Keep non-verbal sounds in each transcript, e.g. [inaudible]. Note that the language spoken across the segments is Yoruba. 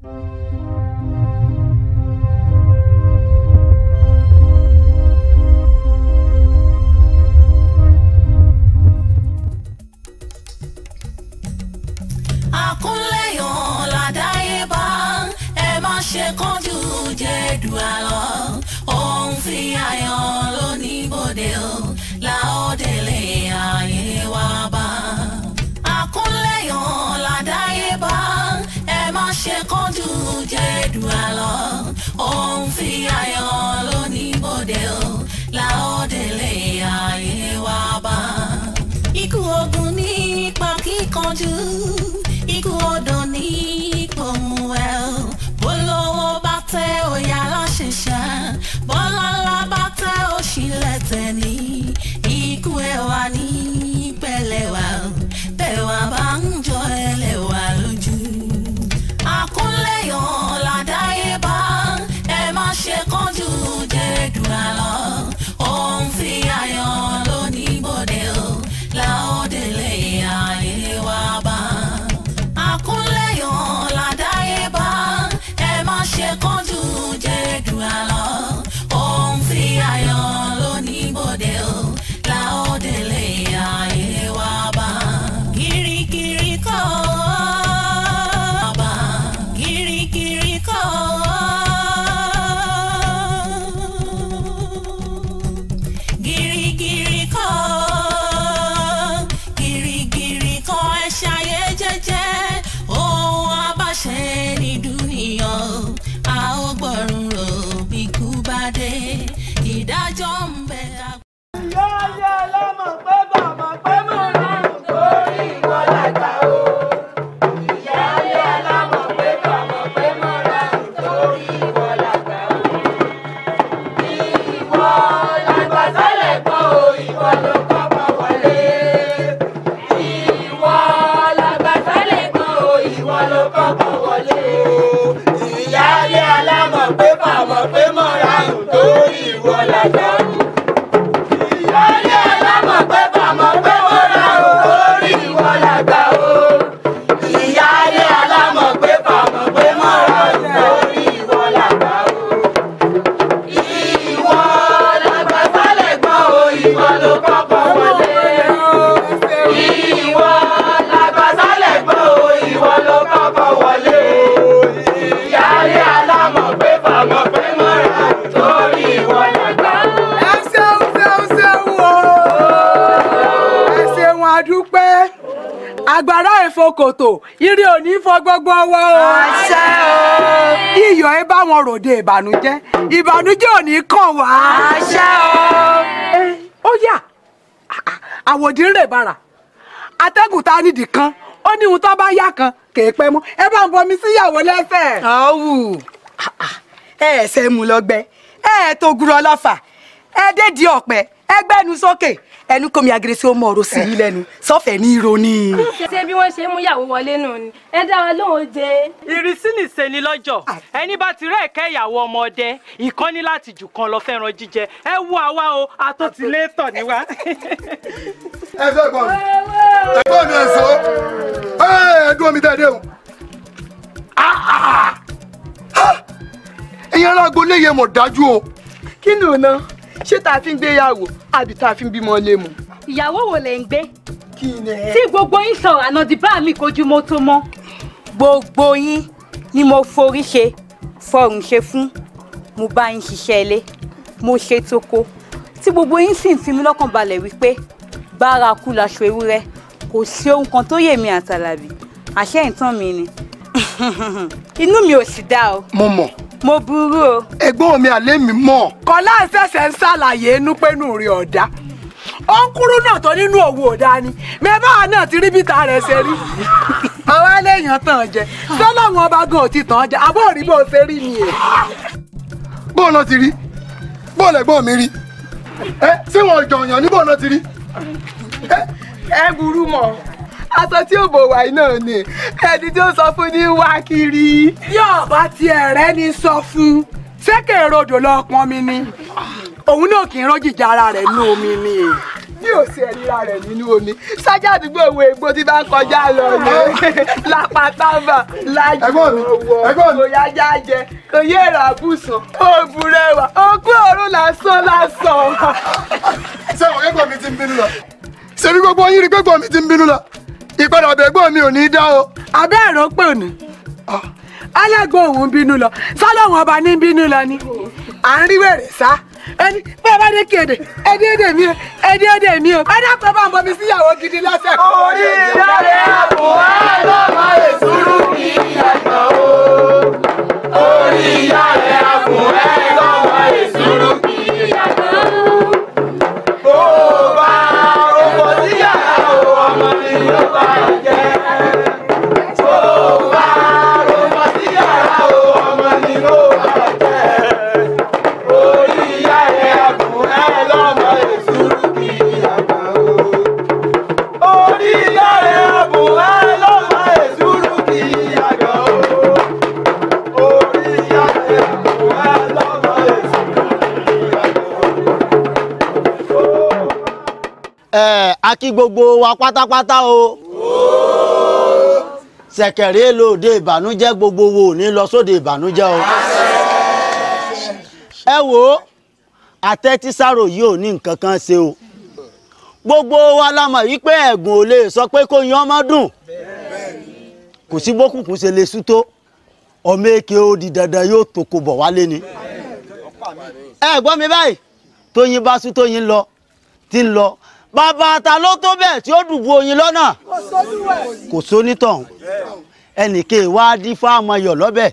Música ṣòtò ire òní fọ gbogbo wa o. àṣẹ o. iyọ̀ ẹ bá wọn ròde ìbànújẹ́ ìbànújẹ́ òní kàn wá. àṣẹ o. ó yà àwòdì ń rè bàrà atẹ́gùn tá a nídìí kan ó ní ohun tó bá yá kan kì í pẹ́ mọ́ ẹ bá ń bọmi síyàwó lẹ́sẹ̀. ọ̀wù ẹ ẹ̀sẹ̀ mú lọ́gbẹ́ ẹ ẹ̀ tó gúrọ́ lọ́fà ẹ dédìí ọ̀pẹ ẹ gbẹ́nu sókè ẹnu kò mi agresi ó mọ ọ̀rọ̀ sí sọfẹ ní irọ́ ṣé bí wọ́n ṣe mú ìyàwó wọlé nù ni ẹ dá wa lóhùn jẹ. ìrísí nìṣe ni lọ́jọ́ ah. ẹni bá ti rẹ́ ẹ̀kẹ́ ìyàwó ọmọdé ìkọ́ni láti jù kan lọ fẹ́ràn jíjẹ ẹ wú àwa o ató ti lé tọ̀ ní wa. ẹ fẹ́ gbọ́n mi ẹ gbọ́n mi ẹ ẹ dúró mi dáadé o ah, ah, ẹ̀yin alágbó léyè mọ̀ dájú o. kí ni ò náà ṣé tá a fi ń gbéyàwó àbí tá a fi ń bímọ lé mu. ìyàwó wo lè ń gbé. kí ni ẹ. tí gbogbo yín sọ̀rọ̀ ànádìbá mi kojú mo tó mọ́. gbogbo yín ni mo forí ṣe fọrùn ṣe fún mo bá yín ṣiṣẹ́ ilé mo ṣe toko tí gbogbo yín sì ń fi mí lọ́kàn balẹ̀ wípé bárakú laṣọ ewúrẹ́ kò sí ohun kan tó yè mí àtàlàbí àṣẹ ìtàn mi ni [laughs] inú mi ò sì dá o. mo mọ̀. mo buru o. ẹ̀gbọ́n mi àlẹ́ mi mọ̀. kọ́lá ìfẹsẹ̀ ń ṣàlàyé inúpẹ́nu rẹ̀ ọ̀dá ó ń kúrú náà tó nínú òwò ni mẹ́fà náà ti rí bíta rẹ̀ ṣe rí àwọn tàn jẹ sọ́lọ́run ọba gan ò tàn jẹ àbọ̀ òrí bó ṣe rí ni ti rí bóun lẹ́gbọ́n mi rí ẹ tí wọn jọ̀yàn ní bóun náà ti rí. ẹ burú mọ́. aṣọ tí ò bò wáyé náà ni ẹni tí ó sọ fún ní wá kiri. yóò bá tiẹ̀ rẹ́ ni sọ fún sẹ́kẹ̀ rodò lọ pọn mi ni òun náà kì í rọ́jìjà ara rẹ̀ nínú omi ni. bí ò sí ẹ̀ríra rẹ̀ nínú omi sájà àdúgbò òwe ègbò tí bá ń kọjá lọ ni lápátábà lájú owó òyà jájẹ kò yé èrò àbùsùn ó burẹ́wà ó kú ọ̀run lásán lásán. ṣé àwọn akẹ́kọ̀ọ́ mi ti ń bínú lọ ṣé bí gbogbo yín rí gbogbo mi ti ń bínú lọ ìpadà bẹ̀gbọ́n mi ò ní dá o. abẹ́ ẹ̀rọ pè ní ah. alágbó òun bínú lọ sálọ́wọ́n ọba ní bínú lọ ni à ń rí wẹ̀rẹ̀ sá ẹni bẹ́ẹ̀ bá dé kéde ẹdí èdè mi o ẹdí èdè mi o ẹdá pẹ́ bá ń bọ́ mi síyàwó gidi lọ́sẹ̀. orí ìdáre àpò àlọ́mọ èsúrú kì í yàtọ̀ o orí ìyá rẹ̀ àpò ẹ̀. a kí gbogbo wa pátápátá o ṣẹ̀kẹ̀rẹ̀ èlò òde gbogbo wo ò ní lọ sóde ìbànújẹ́ o ẹ wo àtẹ́tísàrò yìí ò ní nǹkan kan ṣe o gbogbo wa la mọ̀ yìí pé ẹ̀gùn ò lè sọ pé kó yan ọmọ dùn kò sí bókùnkùn ṣe lè sú tó ọmọ èké ó di dandan yóò tó bọ̀ wálé ni ẹ gbọ́ mi báyìí tóyin bá sú tóyin lọ ti ń lọ bàbá ta ló tó bẹ́ẹ̀ tí ó dùbò oyin lọ́nà kò sónítọ̀hún ẹnìkan wá dí fáamayọ̀ lọ́bẹ̀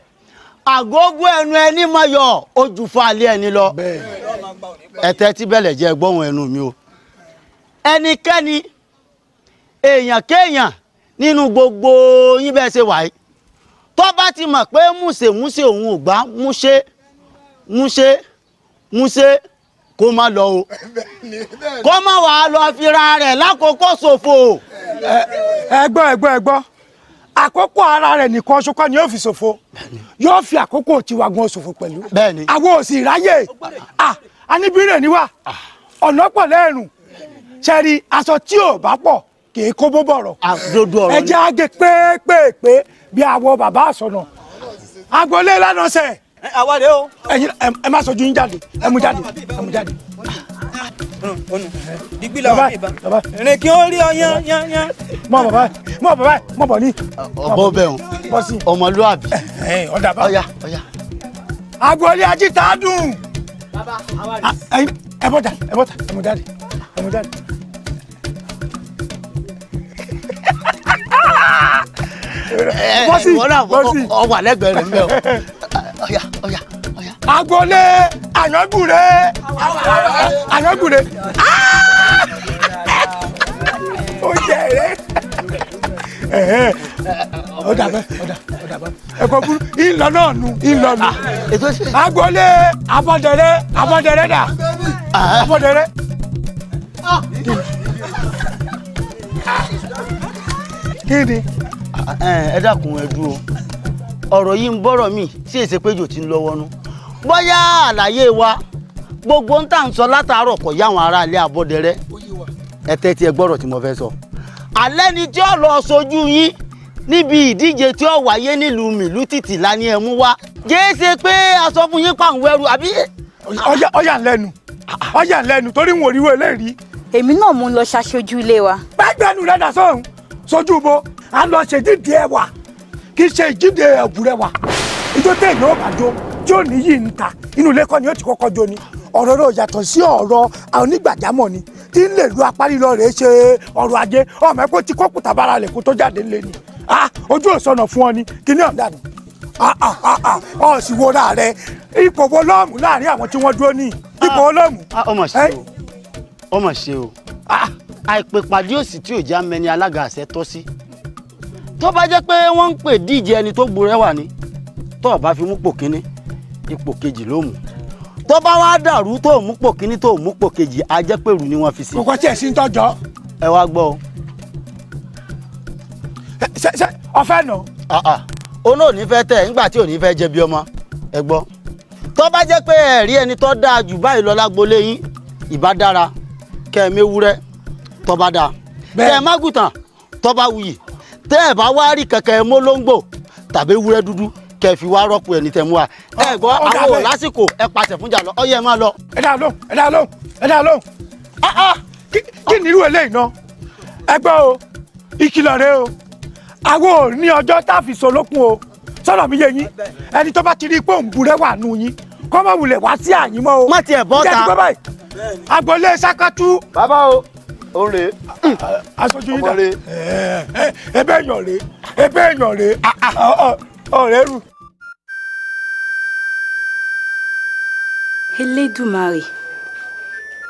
àgógó ẹnu ẹni mayọ̀ ojú fàálẹ̀ ẹni lọ ẹ̀tẹ́ tí bẹ̀lẹ̀ jẹ́ gbọ́hùn ẹnu mi o ẹnikẹ́ni èèyàn kéèyàn nínú gbogbo yín bẹ́ẹ̀ ṣe wáyé tó bá ti mọ̀ pé múṣe múṣe òun ò gbá múṣe múṣe múṣe. múṣe kó má lọ o kó má wàá lọ fira rẹ̀ lákòókò ṣòfò. ẹ gbọ́ ẹ gbọ́ ẹ àkókò ara rẹ̀ nìkan ṣokọ́ ni yóò fi ṣòfò yóò fi àkókò tiwa gan ṣòfò pẹ̀lú àwọn òsì ráyè anibire ni wa ọ̀nà pọ̀ lẹ́rùn ṣẹ́rí aṣọ tí ò bá pọ̀ kì í kó bó bọ̀rọ̀ ẹ̀jẹ̀ àgè pépépé bí àwọ̀ bàbá àsọ̀nà agboolé lánàá sẹ́ẹ̀ àwa rè o. ẹ̀yin ẹ má sọjú yín jáde ẹ mú jáde ẹ mú jáde. Digbi la wà ní ba. rìn kí ó rí ọ yán yán yán. mọ bàbá mọ bàbá mọ bọ ní. ọbọ bẹun ọmọlúàbí. ọ̀dà bá ọ̀yà ọ̀yà. agboolé ajíta dùn. bàbá àwa rè. ẹ bọ́ta ẹ bọ́ta ẹ mú jáde ẹ mú jáde. bọ́sì [laughs] eh, bọ́sì ọwọ́ àlẹ́gbẹ̀ẹ́ rẹ̀ ń bẹ̀ o. [laughs] ọ̀yà ọ̀yà ọ̀yà. agbolé ànágùrè ànágùrè ah! [laughs] ó jẹ rẹ ọ̀dà bẹ́ẹ̀ ọ̀dà ọ̀dà bẹ́ẹ̀. ẹ̀kọ́ burú ìlọ náà nu ìlọ nu. agbolé abọ́dẹrẹ́ abọ́dẹrẹ́ dà abọ́dẹrẹ́. kí ni. ẹ dákun ẹ dúró. ọ̀rọ̀ yìí ń bọ̀rọ̀ mi tí èsè péjò ti ń lọ́wọ́ nú bóyá àlàyé wa gbogbo ń tà ń sọ látàárọ̀ kọ̀ yá àwọn aráalé abọ́dẹrẹ́ ẹ tẹ́tí ẹ gbọ́rọ̀ tí mo fẹ́ sọ. alẹ́ ni tí ó lọ sojú yín níbi ìdíje tí ó wáyé nílùú mìlú títì lání ẹ mú wá jẹ́ẹ́sẹ̀ pé a sọ fún yín pàǹwẹ́ ẹrù àbí. ọyà ọyà ọyà lẹ́nu torí wọn ò rí wọlé rí. èmi náà mú un lọ ṣaṣojú ilé wa. gbẹgbẹnu rẹ dà sọrùn sojú bo a lọ ṣèdídìí ẹwà kì í ṣe ìjíde ẹ̀bùrẹ́ wa ìjọ tẹ ìyọ́ ọ̀bàjọ́ tí ò ní yìí ń ta inú ilé kọ́ ni ó ti kọ́kọ́ jó ni ọ̀rọ̀ rẹ̀ yàtọ̀ sí ọ̀rọ̀ onígbàjámọ̀ ni tí ń lè lu apárí lọ rèé ṣe ọ̀rọ̀ ajé ọmọ ẹ̀kọ́ ti kọ́ kùtà bára lè kó tó jáde ńlẹ̀ ni ojú òsọ̀nà fún ọ ni kí ni ọ̀dà ni ọ̀sìn wo ra rẹ ipò wo lọ́ọ̀mù láàrin àwọn tí wọ́n dúró ní ipò wo lọ́ọ̀mù. ọmọ ṣe o ọmọ ṣe o àìpèpàdé òsì tí ò já mẹni alága àṣẹ tọ́ sí tó bá jẹ́ pé wọ́n ń pè díje ẹni tó gburẹ́wà ni tó o bá fi mú pò kínní ipò kejì ló mú tó bá wá dàrú tó mú pò kínní tó mú pò kejì a jẹ́ pé rù ni wọ́n fi sí. kòkó tí ẹ sí ń tọjọ. ẹ wá gbọ́ o. ṣe ṣe ọfẹ nù. òun ò ní fẹ́ tẹ̀ nígbà tí ò ní fẹ́ jẹ bí ọmọ ẹ gbọ́ tó bá jẹ́ pé ẹ̀rí ẹni tó dáa jù báyìí lọ lágbolé yín ìbá dára kẹ́ tó bá dáa kẹ́ tó bá wuyì tẹ́ ẹ̀ bá wá rí kẹ̀kẹ́ mólóńgbò tàbí ewúrẹ́ dúdú kẹ́ ẹ fi wá rọ́pò ẹni tẹ̀ mú wa. ẹ gbọ́ àwọn ò lásìkò ẹ pàṣẹ fúnjà lọ ọyẹ máa lọ. ẹ dá lóhùn ẹ dá lóhùn ẹ dá lóhùn ah, ah, kí ni irú eléyìí náà ẹ gbọ́ o ìkìlọ̀ rẹ o àwọn ò ní ọjọ́ tá a fi sọ lókun o sọ̀rọ̀ mi yé yín ẹni tó bá ti rí i pé òun burẹ́ wà nù yín kọ́ mọ́ wulẹ̀ wá sí àyín mọ́ o. má tiẹ̀ bọ́ ta ọ̀rẹ́ ah, aṣojú yìí dà eh, eh, eh èèyàn rèé ẹbẹ èèyàn rèé ah, ah, ọ̀rẹ́ rù. Elédùmarè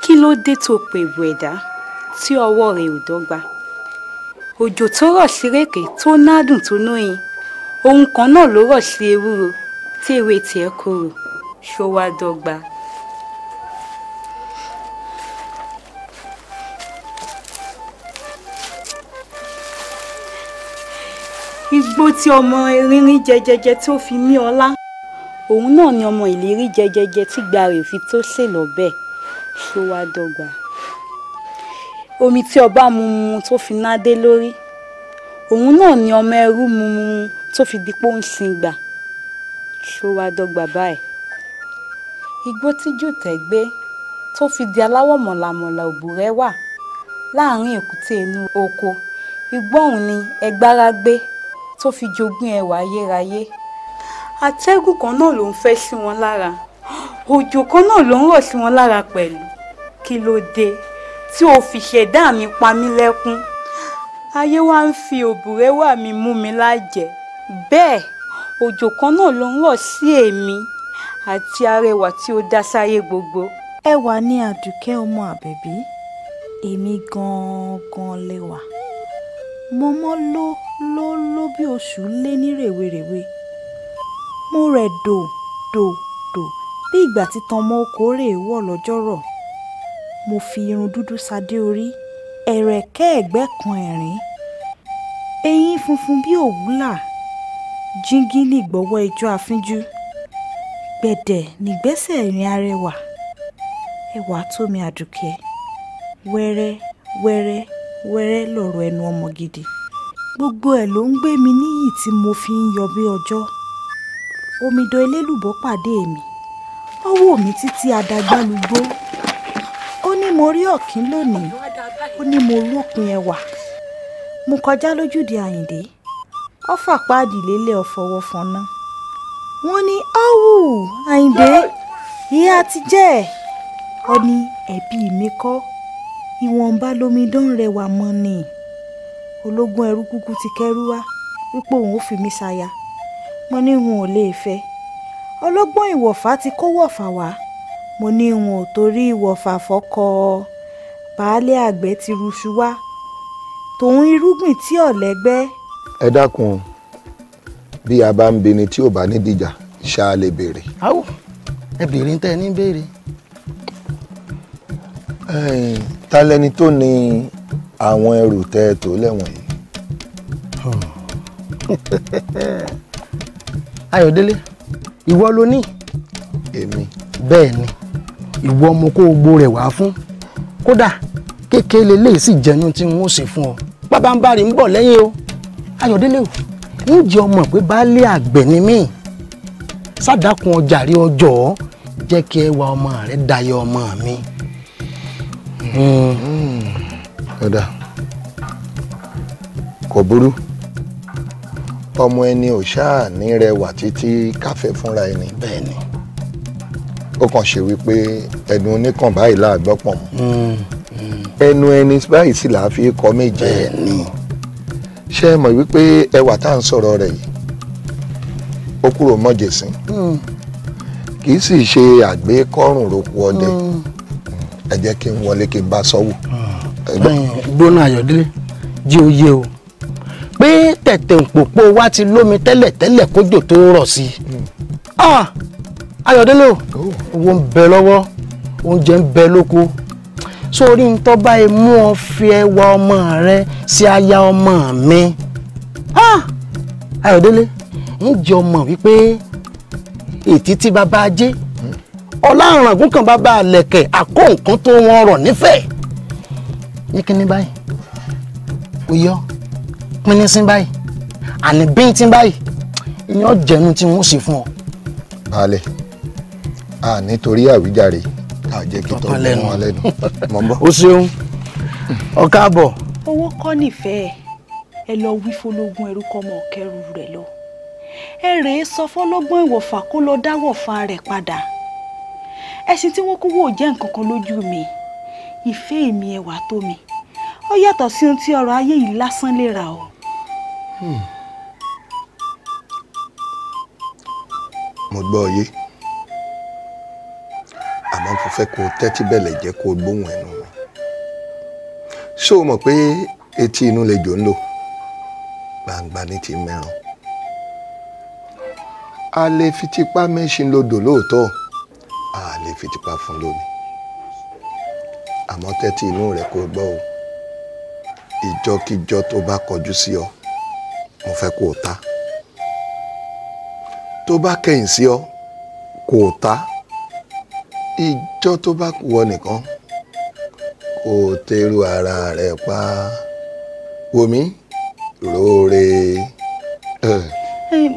kí ló dé tó pèrò ẹ̀dá tí ọwọ́ rẹ̀ ò dọ́gba òjò tó rọ̀ sí rèké tó nádùn tó nóyin ohun kan náà ló rọ̀ sí ewúro tí ewé tiẹ̀ korò ṣó wá dọ́gba. igbó tí ọmọ erin jẹjẹjẹ tó fi mí ọlá òun náà ni ọmọ ìlérí jẹjẹjẹ tí gba rẹ̀ fi tó sè lọ́bẹ̀ ṣó wá dọ́gba omi tí ọba mumu tó fi nádé lórí òun náà ni ọmọ ẹrú mumu tó fi dípò ń sin gbà ṣó wá dọ́gba báyìí igbó tí jùtẹ̀ gbé tó fi di aláwọ̀ mọ̀làmọ̀là òbúrẹ́ wà láàrin èkúté inú oko igbó ọ̀hún ni ẹgbára gbé tó fi jogún ẹwà ayérayé atẹ́gùn kan náà ló ń fẹ́ sí wọn lára òjò kan náà ló ń rọ̀ sí wọn lára pẹ̀lú kí ló dé tí o fi ṣẹ̀dá mi pa mí lẹ́kún ayé wa ń fi òbúrẹ́wà mi mú mi lájẹ bẹ́ẹ̀ òjò kan náà ló ń rọ̀ sí èmi àti arẹwà tí ó dá sáyé gbogbo. ẹwà ni àdùkẹ́ ọmọ àbẹ̀bí èmi gan-an gan mọ̀mọ́ ló ló ló bí oṣù lé ní rèwerèwe mo rẹ̀ dò dò dò bí ìgbà tí tanmọ́ okòórè wọ̀ lọ́jọ́rọ̀ mo fi irun dúdú sadé orí ẹ̀rẹ̀kẹ́ ẹ̀gbẹ́ kan ẹ̀rín eyín funfun bí òwúlà jíngí ní ìgbọ́wọ́ ijó afínjú gbẹ̀dẹ̀ nígbẹ́sẹ̀ ìrìn arẹwà ẹwà tómi àdùkẹ́ wẹ́rẹ́ wẹ́rẹ́ wẹ́rẹ́ lọ̀rọ̀ ẹnu ọmọ gidi gbogbo ẹ̀ ló ń gbé mi níyì tí mo fi ń yọ bí ọjọ́ omidan elélùbọ́ pàdé mi ó wò mí títí adagbalugbó ó ní mo rí ọ̀kín lónìí ó ní mo lópin ẹwà mo kọjá lójúde àyìndé ọfà páàdì lélẹ̀ ọ̀fọwọ́ fọná wọ́n ní áwù àyìndé ìyá ti jẹ́ ẹ ní ẹbí mi kọ́ ìwọ̀nba lomidan rẹwà mọ́ ni ológun ẹrú kúkú ti kẹ́rú wá wípé òun ò fi mí ṣaya mo ní n ò lè fẹ́ ọlọ́gbọ́n ìwọ̀fà ti kó wọ̀fà wá mo ní n ò torí ìwọ̀fà fọ́kọ baálé àgbẹ̀ ti ruṣu wá tòun irúgbìn tí ọ̀lẹ́gbẹ́. ẹ dákun bí a bá ń bini tí ò bá ní dìjà ṣáà lè béèrè. ẹ béèrè ń tẹ́ ẹ ní béèrè ta lẹni tó ní àwọn ẹrù tẹ́ ẹ tó lẹ́wọ̀n yìí. [laughs] Ayọ̀délé ìwọ ló ní. èmi. bẹ́ẹ̀ ni ìwọ ọmọ kó gbó rẹ̀ wá fún kódà kékeré lè sì jẹnu tí n ó ṣe fún ọ bàbá ń bọ̀ lẹ́yìn o Ayọ̀délé o ǹjẹ́ ọmọ pé baálé àgbẹ̀ ni mí sádàkùn ọjà rí ọjọ́ jẹ́ kí ẹwà ọmọ rẹ dayọ̀ ọmọ mi. Hmm. ọ̀dà kò burú ọmọ ẹni ò ṣáà ní rẹwà títí káfẹ́ fúnra ẹni bẹ́ẹ̀ ni ó kàn ṣe wípé ẹnu oníkàn báyìí láàgbọ́ pọ̀ mọ́ hmm, hmm. ẹnu ẹni báyìí sì làá fi kọ́ méje ẹ̀ ni ṣé ẹ mọ̀ wípé ẹwà tá à ń sọ̀rọ̀ rẹ̀ yìí ó kúrò mọ́jẹ̀sìn kì í sì ṣe àgbékọ́rùn-ún ọdẹ. Mm ẹ jẹ́ kí n wọlé kí n bá sọ́wọ́. Ah. gbóná ayọ̀délé jí o yé o pé tẹ̀tẹ̀ òpópó wa ti lómi tẹ́lẹ̀ kójò tó rọ̀ sí i ah, ayọ̀délé oh. owó ń bẹ lọ́wọ́ oúnjẹ ń bẹ lóko sórí ń tọ́ báyìí mú ẹwà ọmọ rẹ sí aya ọmọ mi ah, ayọ̀délé ń jẹ́ ọmọ wípé ètí tí baba ajé ọlárangún kan bá bá a lẹ̀kẹ̀ àkó nǹkan tó wọ́n rọ̀ nífẹ̀ẹ́ yíkíní báyìí oyè ọ pínísín báyìí àní bíntín báyìí ìyẹn ọ̀jẹ̀nu tí wọ́n ṣe fún ọ. baálẹ̀ a nítorí àwíjàre a jẹ́ kí tọ́ lẹ́nu wọn lẹ́nu mọ̀ ń bọ̀. o ṣeun ọ̀ká àbọ̀. owó kọ́ nìfẹ̀ẹ́ ẹ lọ wí fọlọ́gún ẹrú kọ́ mọ̀ kẹrù rẹ̀ lọ ẹ rèé sọ fọlọ́gbọ́n ìwọ̀fà kó lọ dáwọ̀fà rẹ̀ padà ẹṣin tí wọ́n kówó jẹ́ nǹkan kan lójú mi ìfẹ́ èmi ẹwà tó mi ó yàtọ̀ sí ohun tí ọrọ̀ ayé yìí lásán lè rà o. Hmm. mo gbọ́ ọ yé àmọ́ mo fẹ́ kó o tẹ́tí bẹ̀lẹ̀ jẹ́ kó o gbóhùn ẹnu mi ṣé o mọ̀ pé etí inú lejò ń lò gbangba ní ti mẹ́ràn a lè fi tipá mẹ́ṣin lodò lóòótọ́. Lo a lè fi tipa fún lómi àmọ́ tẹ́tí inú rẹ̀ kò gbọ́ o ìjọkíjọ tó bá kọjú sí ọ mo fẹ́ kó o ta tó bá kẹ̀yìn sí ọ kò ta ìjọ tó bá kù nìkan kò tẹrù ara rẹ pa wòmí lóore.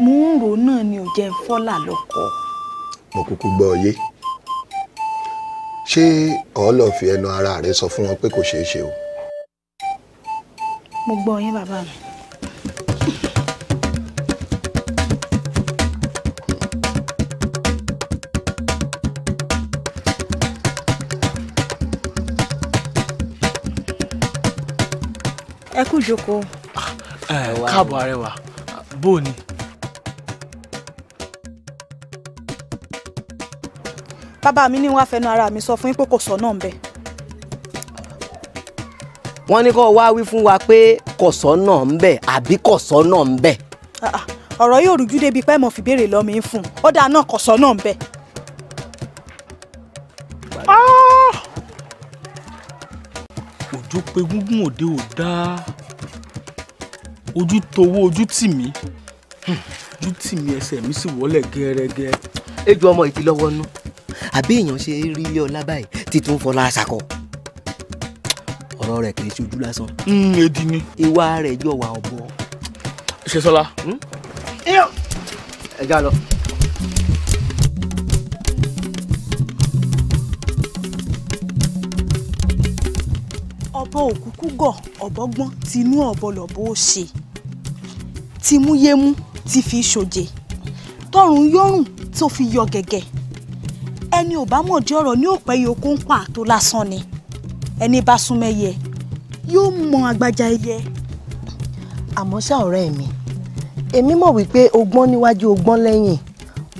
mò ń rò náà ni ò jẹ́ ń fọ́là lọ́kọ̀ọ́. mo kúkú gbọ́ ọ yé ṣé ọ̀ọ́ lọ́ọ́ fi ẹnu ara rẹ sọ fún wọn pé kò ṣeé ṣe o. mo gbọ́ yín bàbá mi. ẹ kú ìjókòó. káàbọ̀ ah, arẹwà bó o ni. bàbá mi ní wọ́n fẹnu ara mi sọ fún yín pé kò sọ náà ń bẹ. wọ́n ní kó wá wí fún wa pé kò sọ náà ń bẹ àbí kò sọ náà ń bẹ. Ah, ah, ọ̀rọ̀ yóò rújú débi pé mo fi béèrè lọ fún un ó dáa náà kò sọ náà ń bẹ. Ah! ojú pé gúngún òde ò dáa ojú towó ojú tì mí hmm, ojú tì mí ẹsẹ̀ mi sì wọlé gẹ́rẹ́gẹ́. ejò ọmọ ìdílọ́wọ́ nú. No àbí èèyàn ṣe rí ilé ọlá báyìí tí tó ń fọlá aṣakọ ọ̀rọ̀ rẹ̀ kì í ṣojú lásán. Hmm, edi ni. ìwà rẹ̀ yọ̀ wà ọ̀bọ. ṣe sọlá. Hmm? ẹ já lọ. ọ̀bọ òkúkú gọ̀ ọ̀bọ gbọ́n tinú ọ̀bọ lọ̀bọ ó ṣe tìmúyémú ti fi ṣoje tọrùn yọrùn tó fi yọ gẹ́gẹ́ ẹni ò bá mọ̀dí ọ̀rọ̀ ní òpẹ́ yìí okó ń pà tó lásán ni ẹni bá súnmọ́ ẹyẹ yóò mọ agbájá ẹyẹ. àmọ́ ṣá ọ̀rẹ́ mi èmi mọ̀ wípé ọgbọ́n níwájú ọgbọ́n lẹ́yìn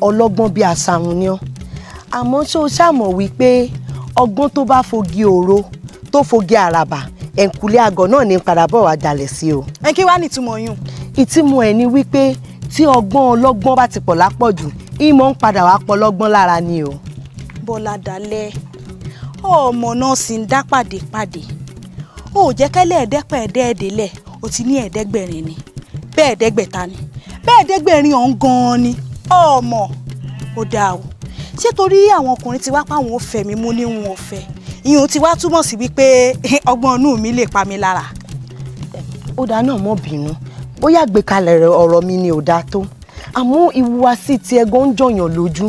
ọlọ́gbọ́n bíi àṣàrùn ni ọ́ àmọ́ ṣó ṣàmọ̀ wípé ọgbọ́n tó bá fogi òro tó fogi àràbà ẹ̀ǹkulé àgọ̀ náà ní padà bọ̀ wá sí o. ẹ kí wàá nìtumọ̀ yún. ìtumọ̀ ẹ̀ ni wípé tí ọgbọ́n ọlọ́gbọ́n bá ti pọ̀ lápọ̀jù ìmọ̀ ń padà wá pọ̀ lọ́gbọ́n lára ni o bọ́lá dalẹ̀ ọmọ náà sì ń dá pàdépàdé ó jẹ́ kẹ́lẹ́ ẹ̀ẹ́dẹ́pẹ̀ẹ́dẹ́ẹ̀dẹ́lẹ̀ ó ti ní ẹ̀ẹ́dẹ́gbẹ̀rin ni bẹ́ẹ̀ ẹ̀ẹ́dẹ́gbẹ̀ta ni bẹ́ẹ̀ ẹ̀ẹ́dẹ́gbẹ̀rin ọ̀hún gan-an ni ọmọ ó dáa o ṣé torí àwọn ọkùnrin ti wá páwọn ò mi mú níwọn ọ̀fẹ́ ìyẹn ti wá túmọ̀ sí wípé [laughs] ọgbọ́n inú mi lè pa mi lára. ó náà mọ́ bínú bóyá àgbékalẹ̀ ọ̀rọ̀ mi ni ò dáa tó àmọ́ ìhùwàsí ti ẹ̀gàn ń jọ̀yàn lójú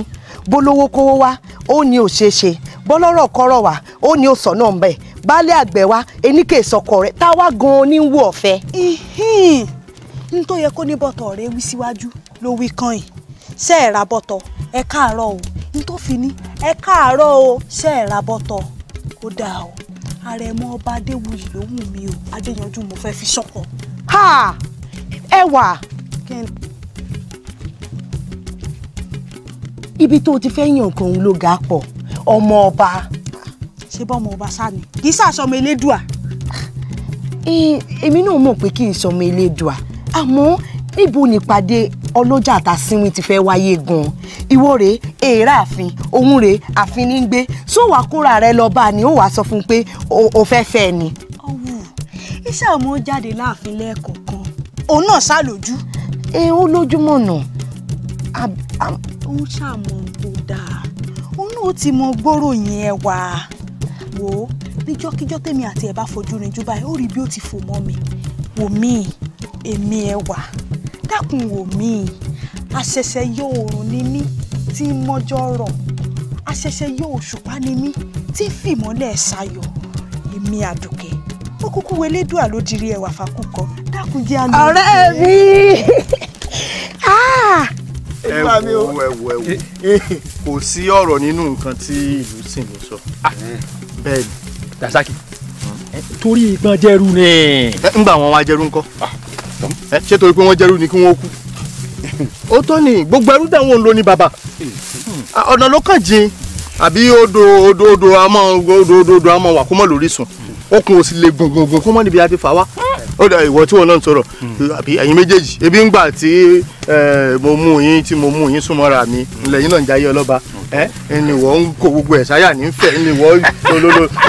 bólówó kówó wá ó ní ò ṣeé ṣe bọ́lọ́rọ̀ kọ́rọ̀ wá ó ní ò sọ náà bẹ́ẹ̀ baálé àgbẹ̀ wa eníkè sọkọ rẹ. táwa gan-an ní wò ọ̀fẹ́. n tó yẹ kó ní bọ́tọ̀ rẹ̀ wí síwájú ló wí kan yìí ṣe é ra bọ́tọ̀ ẹ káàárọ̀ o n tó fi ní ẹ káàárọ̀ o ṣe é ra bọ́tọ̀ ó dáa o àrẹ̀mọ ọba adéwuyì ló wù mí o adéyanjú mo fẹ́ fi sọ́kọ. ha ẹwà. kí ibi tó o ti fẹ́ yàn kan òun ló ga pọ̀ ọmọ ọba. ṣé bá ọmọ ọba sá ni kì í sàṣọmọ elédùà. èmi náà mọ̀ pé kì í sọmọ elédùà àmọ́ níbo nípàdé ọlọ́jà àtàsínwìn ti fẹ́ wáyé gan-an ìwọ rèé èèrà àfin òun rèé àfin ní gbé sówàá kóra rẹ lọ bá a ni ó wàá sọ fún un pé o fẹ́ fẹ́ ni. ọwọ́ iṣẹ́ àwọn jáde láàfin lẹ́ẹ̀kọ̀ọ̀kan òun náà sá lójú. ẹ ó lójúmọ̀ náà òun ṣàmọ tó dáa òun náà ti mọ gbòòrò yẹn wá wò ó níjọ́kíjọ́ tèmi àti ẹ̀ bá fojú rinjú báyìí ó rí bí ó ti fò mọ́ mi wò mí èmi ẹ wà dákun wò mí àṣẹ̀ṣẹ̀ yọ oòrùn ni mí tí ń mọ́jọ́ rọ̀ àṣẹ̀ṣẹ̀ yọ òṣùpá ni mí tí ń fìmọ́lẹ̀ ṣayọ̀ èmi àdùkẹ́ ó kúkú welédùà ló dirí ẹwà fakúkọ dákun jẹ́ àlọ́ ọ̀rẹ́ mi. [laughs] Ah! ẹ wo ẹ wo ẹ wo kò sí ọ̀rọ̀ nínú nǹkan tí ìlú sìn ló sọ ah. bẹ́ẹ̀ ni. dasaki torí ìpọn jẹrú ni. ńgbà wọn wá jẹrú ńkọ́ ah, ṣé torí pé wọn jẹrú ni kí wọn kú ó tọ́ ni gbogbo ẹrú táwọn ń lò ní bàbá ah, ọ̀nà ló kàn jìn àbí odò odò odò àmọ́ odò odò àmọ́ wà kó mọ̀ lórí sùn okùn ò sì lè gùn kó mọ̀ níbi àti fà wá ó dà ìwọ tí wọn náà ń sọ̀rọ̀ hmm. àbí ẹ̀yin méjèèjì ebi ńgbà tí mo mú yín tí mo mú yín súnmọ́ra mi lẹ́yìn náà ń jayé ọlọ́ba ẹ ni wọ́n ń kó gbogbo ẹ̀ sáyà ní fẹ́ ni wọ́n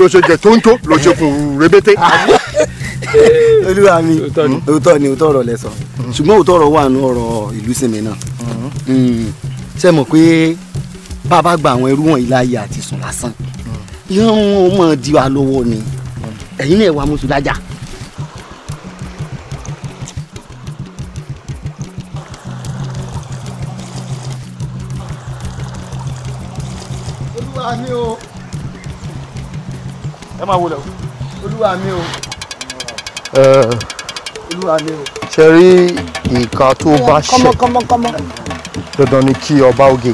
lóṣèjẹ tó ń tó lóṣèkùn rébété. olúwa mi òótọ́ ni òótọ́ ọ̀rọ̀ lẹ sọ hmm. ṣùgbọ́n òótọ́ ọ̀rọ̀ wà nù ọ̀rọ̀ ìlú sinmi náà hmm. ṣe mọ̀ pé bá a bá gba àwọn ẹrú wọ̀nyí láàyè àti sùn lásán yóò mọ̀ di wa lọ́wọ́ ni ẹ̀yin náà wà mọ́tò lájà. máa wọlé o. olúwa o. olúwa mi o. ṣe tó bá ṣe dandan ni kí ọba oge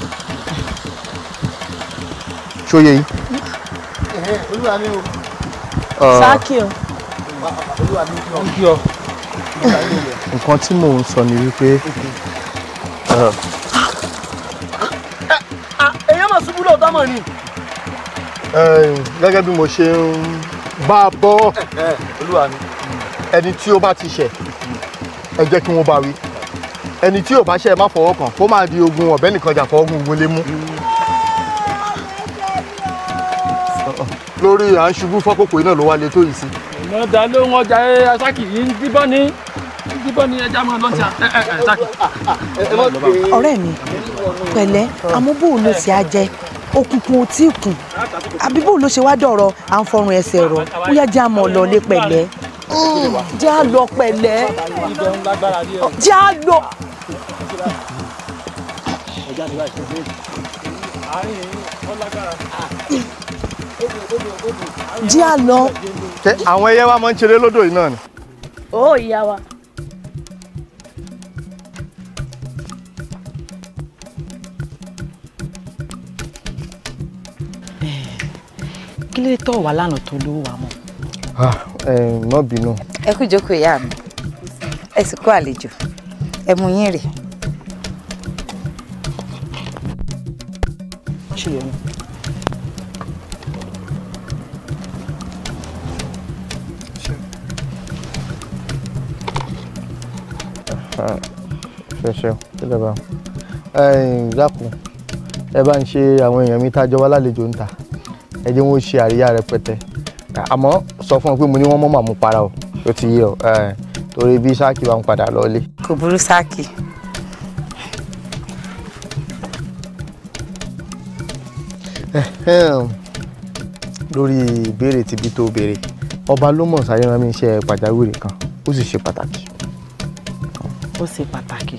ṣóye yìí. o. sáàkì o. olúwa nǹkan tí mò ń sọ ni wípé ah, ah, ah, èèyàn máa ṣubú lóòótọ́ mọ̀ ni gẹ́gẹ́ bí mo ṣe ń bá a bọ́ [laughs] ẹni tí ó bá ti ṣẹ̀ ẹ jẹ́ kí wọ́n bá wí ẹni tí ò bá ṣẹ̀ má fọwọ́ kàn kó máa di ogun ọ̀bẹ nìkan jà fọ́ ogun wọlé mú. lórí à ń ṣubú fọ́kòkò iná ló wá le tó yìí sí. ìná da ló ń ọjà ẹ asákì yìí ń díbọ́n ní díbọ́n ní ẹja máa lọ́jà ẹ ẹ asákì. ọ̀rẹ́ mi pẹ̀lẹ́ amúbò ló ti á òkùnkùn ò tí ì kù àbí bó ló ṣe wá dọ̀rọ̀ à ń fọrùn ẹsẹ̀ rọ bóyá jẹ́ àmọ́ ọ̀lọ́lé pẹ̀lẹ́ mm, jẹ́ à lọ pẹ̀lẹ́ jẹ́ à lọ. jẹ́ à lọ. àwọn ẹyẹ wa máa ń ṣeré lódò yìí náà ni. ó ìyá wa. kí ló dé tọ̀ wá lánàá tó lówó wa mọ́. Ah, má bínú. ẹ kú jókòó ìyá mi ẹ sì kó àlejò ẹ mú yín rè. ṣẹṣẹ ṣẹlẹ ah, bá ẹ dákun ẹ bá ń ṣe àwọn èèyàn mi tá a jọ wá lálejò ń ta ẹ jẹ́ wọn ó ṣe àríyá rẹpẹtẹ àmọ́ sọ fún ọ pé mo ní wọ́n mọ́ màmú para o ó ti yé ọ torí bí sáàkì bá ń padà lọ́ọ́lé. kò burú sáàkì. lórí ìbéèrè tibí tó béèrè ọba ló mọ̀ sáré rán mi iṣẹ́ pàjáwìrì kan ó sì ṣe pàtàkì. ó ṣe pàtàkì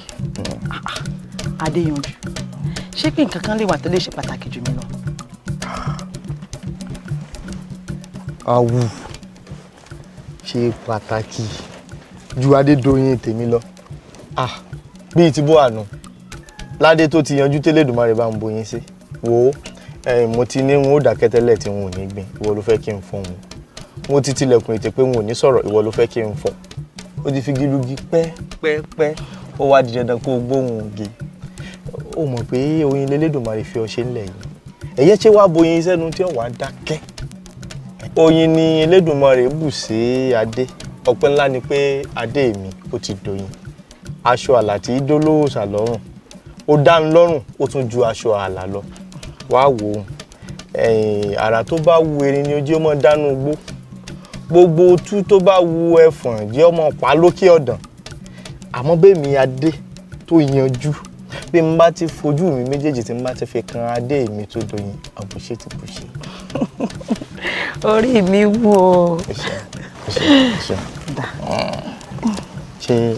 ah, ah, adéyanjú ṣé pé nǹkan kan lè wà tó lè ṣe pàtàkì jù mí lọ. awù ṣe pàtàkì ju adédọ̀yìn tèmi lọ ah bíi ti bó àná ládé tó ti yanjú tẹ́lẹ̀dùmarè bá ń boyin sí wò eh, mo ti ní wọn ò dákẹ́tẹ́lẹ̀ tí wọn ò ní gbìn ìwọ ló fẹ́ kí n fún wọn mo ti tilẹ̀kùn ètè pé wọn ò ní sọ̀rọ̀ ìwọ ló fẹ́ kí n fọ̀ ó ti fi gílùgì pẹ́pẹ́pẹ́ ó wá di dandan kó o gbóhùn ògè ó mọ̀ pé oyin lélẹ́dùnmarè fi ọ ṣe ńlẹ̀ yìí ẹ̀yẹ́ ṣé wàá boyin sẹ́nu tí ó wàá dákẹ́ oyin ni Elédùmarè bù sí adé ọpẹ́ ńlá ni pé adé mi ó ti dòyin aṣọ àlà tí í dólówó sàlọ́rùn ó dá ń lọ́rùn ó tún ju aṣọ àlà lọ wá wò ó àrà tó bá wu erin ni ojú ọmọ dánú gbó gbogbo tú tó bá wu ẹfọ̀n jẹ́ ọmọ pa lókè ọ̀dàn àmọ́ bẹ́ẹ̀mi adé tó yanjú bí n bá ti fojú mi méjèèjì tí n bá ti fi kan adé mi tó dòyin àbùṣe ti bùṣe. [laughs] orí mi wú o. ṣé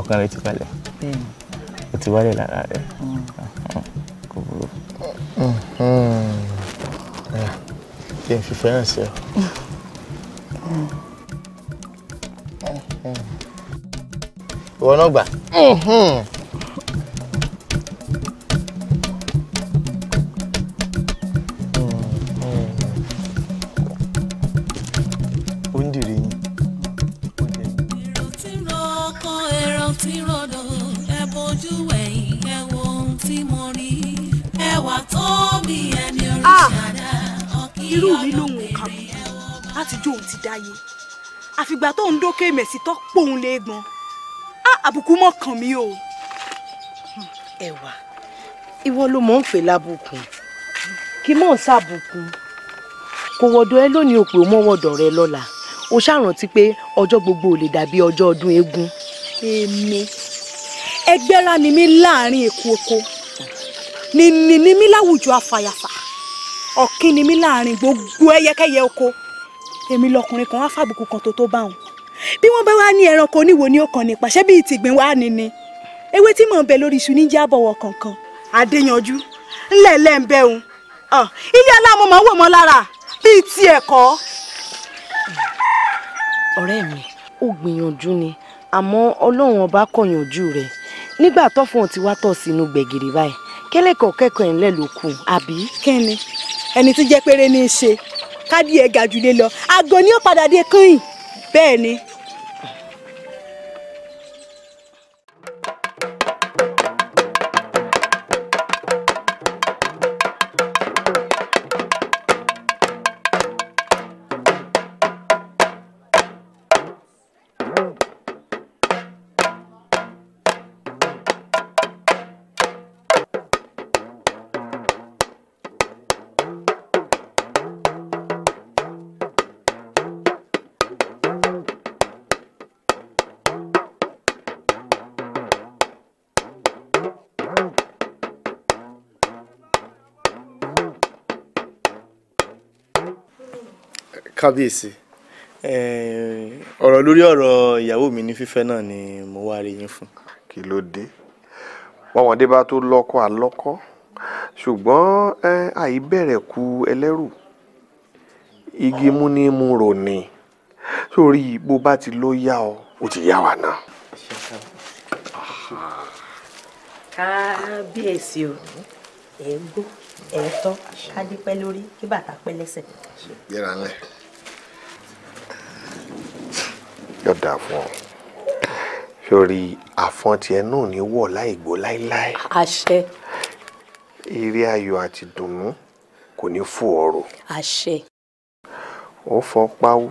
ọkàn rẹ ti balẹ̀ o ti wálé lára rẹ mm. kò burú. Mm-hmm. kí n fi fẹ́ràn sí ọ. Mm. Mm-hmm. ìwọ náà gbà. Mm. Mm-hmm. irú mi lòun ò kà bùkù láti jó òun ti dáyé àfìgbà tó ń dókè mẹ̀sì tó pòun léegbọn á àbùkù mọ́ kàn mí o. Hmm, ẹ̀wà ìwọ ló mọ̀ ń pè lábùkù kí mọ̀ ń ṣàbùkù kò wọ̀dọ̀ ẹ lónìí òpè ó mọ́ wọ̀dọ̀ rẹ lọ́la o ṣàrántí pé ọjọ́ gbogbo ò lè dàbí ọjọ́ ọdún eégún. èmi ẹgbẹ́ra ni mí láàrin èkó oko ni ni ni mí láwùjọ afàyàfà ọ̀kín ni mí láàrin gbogbo ẹyẹkẹyẹ oko èmi lọkùnrin kan wá fàbùkù kan tó tó bá wọn bí wọ́n bá wá ní ẹranko oníwo ní ọkàn nípa ṣé bíi tìgbín wá ni ni ewé tí mò ń bẹ lórí iṣu ní jẹ́ àbọ̀wọ̀ kankan adéyanjú ńlẹ̀ẹ́lẹ̀ ń bẹ́ òun ilé aláàmọ́ máa ń wò mọ́ lára bíi ti ẹ̀kọ́. ọ̀rẹ́ mi ó gbìyànjú ni àmọ́ ọlọ́run ọba kọ̀yànjú rẹ̀ nígbà tọ́fọ̀n ti wá tọ̀ sínú gbẹ̀gìrì báyìí kẹ́lẹ́kọ̀ọ́ kẹ́kọ̀ọ́ ẹ̀ ńlẹ̀ ló kù àbí. kẹ́ni ẹni tó jẹ́ péré ní í ṣe kádìí ẹ̀ gàjúlé lọ àgọ́ ni ó padà dé kẹ́yìn bẹ́ẹ̀ ni kábíyèsí eh, ọ̀rọ̀ lórí ọ̀rọ̀ ìyàwó mi ní fífẹ́ náà ni mo wá rí yín fún. kí ló dé wọ́mọdé bá tó lọ́kọ àlọ́kọ ṣùgbọ́n eh, àìbẹ̀rẹ̀ ku ẹlẹ́rù igi mú ní mú rò ní sórí bó bá ti ló yá ọ ó ti yá wa náà. kábíyèsí o ẹ̀ ń gbó ẹ̀ ń tọ́ ká dípẹ́ lórí kí bàtà pẹ́ lẹ́sẹ̀. yẹ́ra ńlẹ̀. yóò dáa fún ọ sórí àfọn tiẹ̀ náà ní wọ̀ láì gbó láíláí. àṣẹ. eré ayọ̀ àti dùnnú kò ní fò ọ̀rọ̀. àṣẹ. ó fọ páwó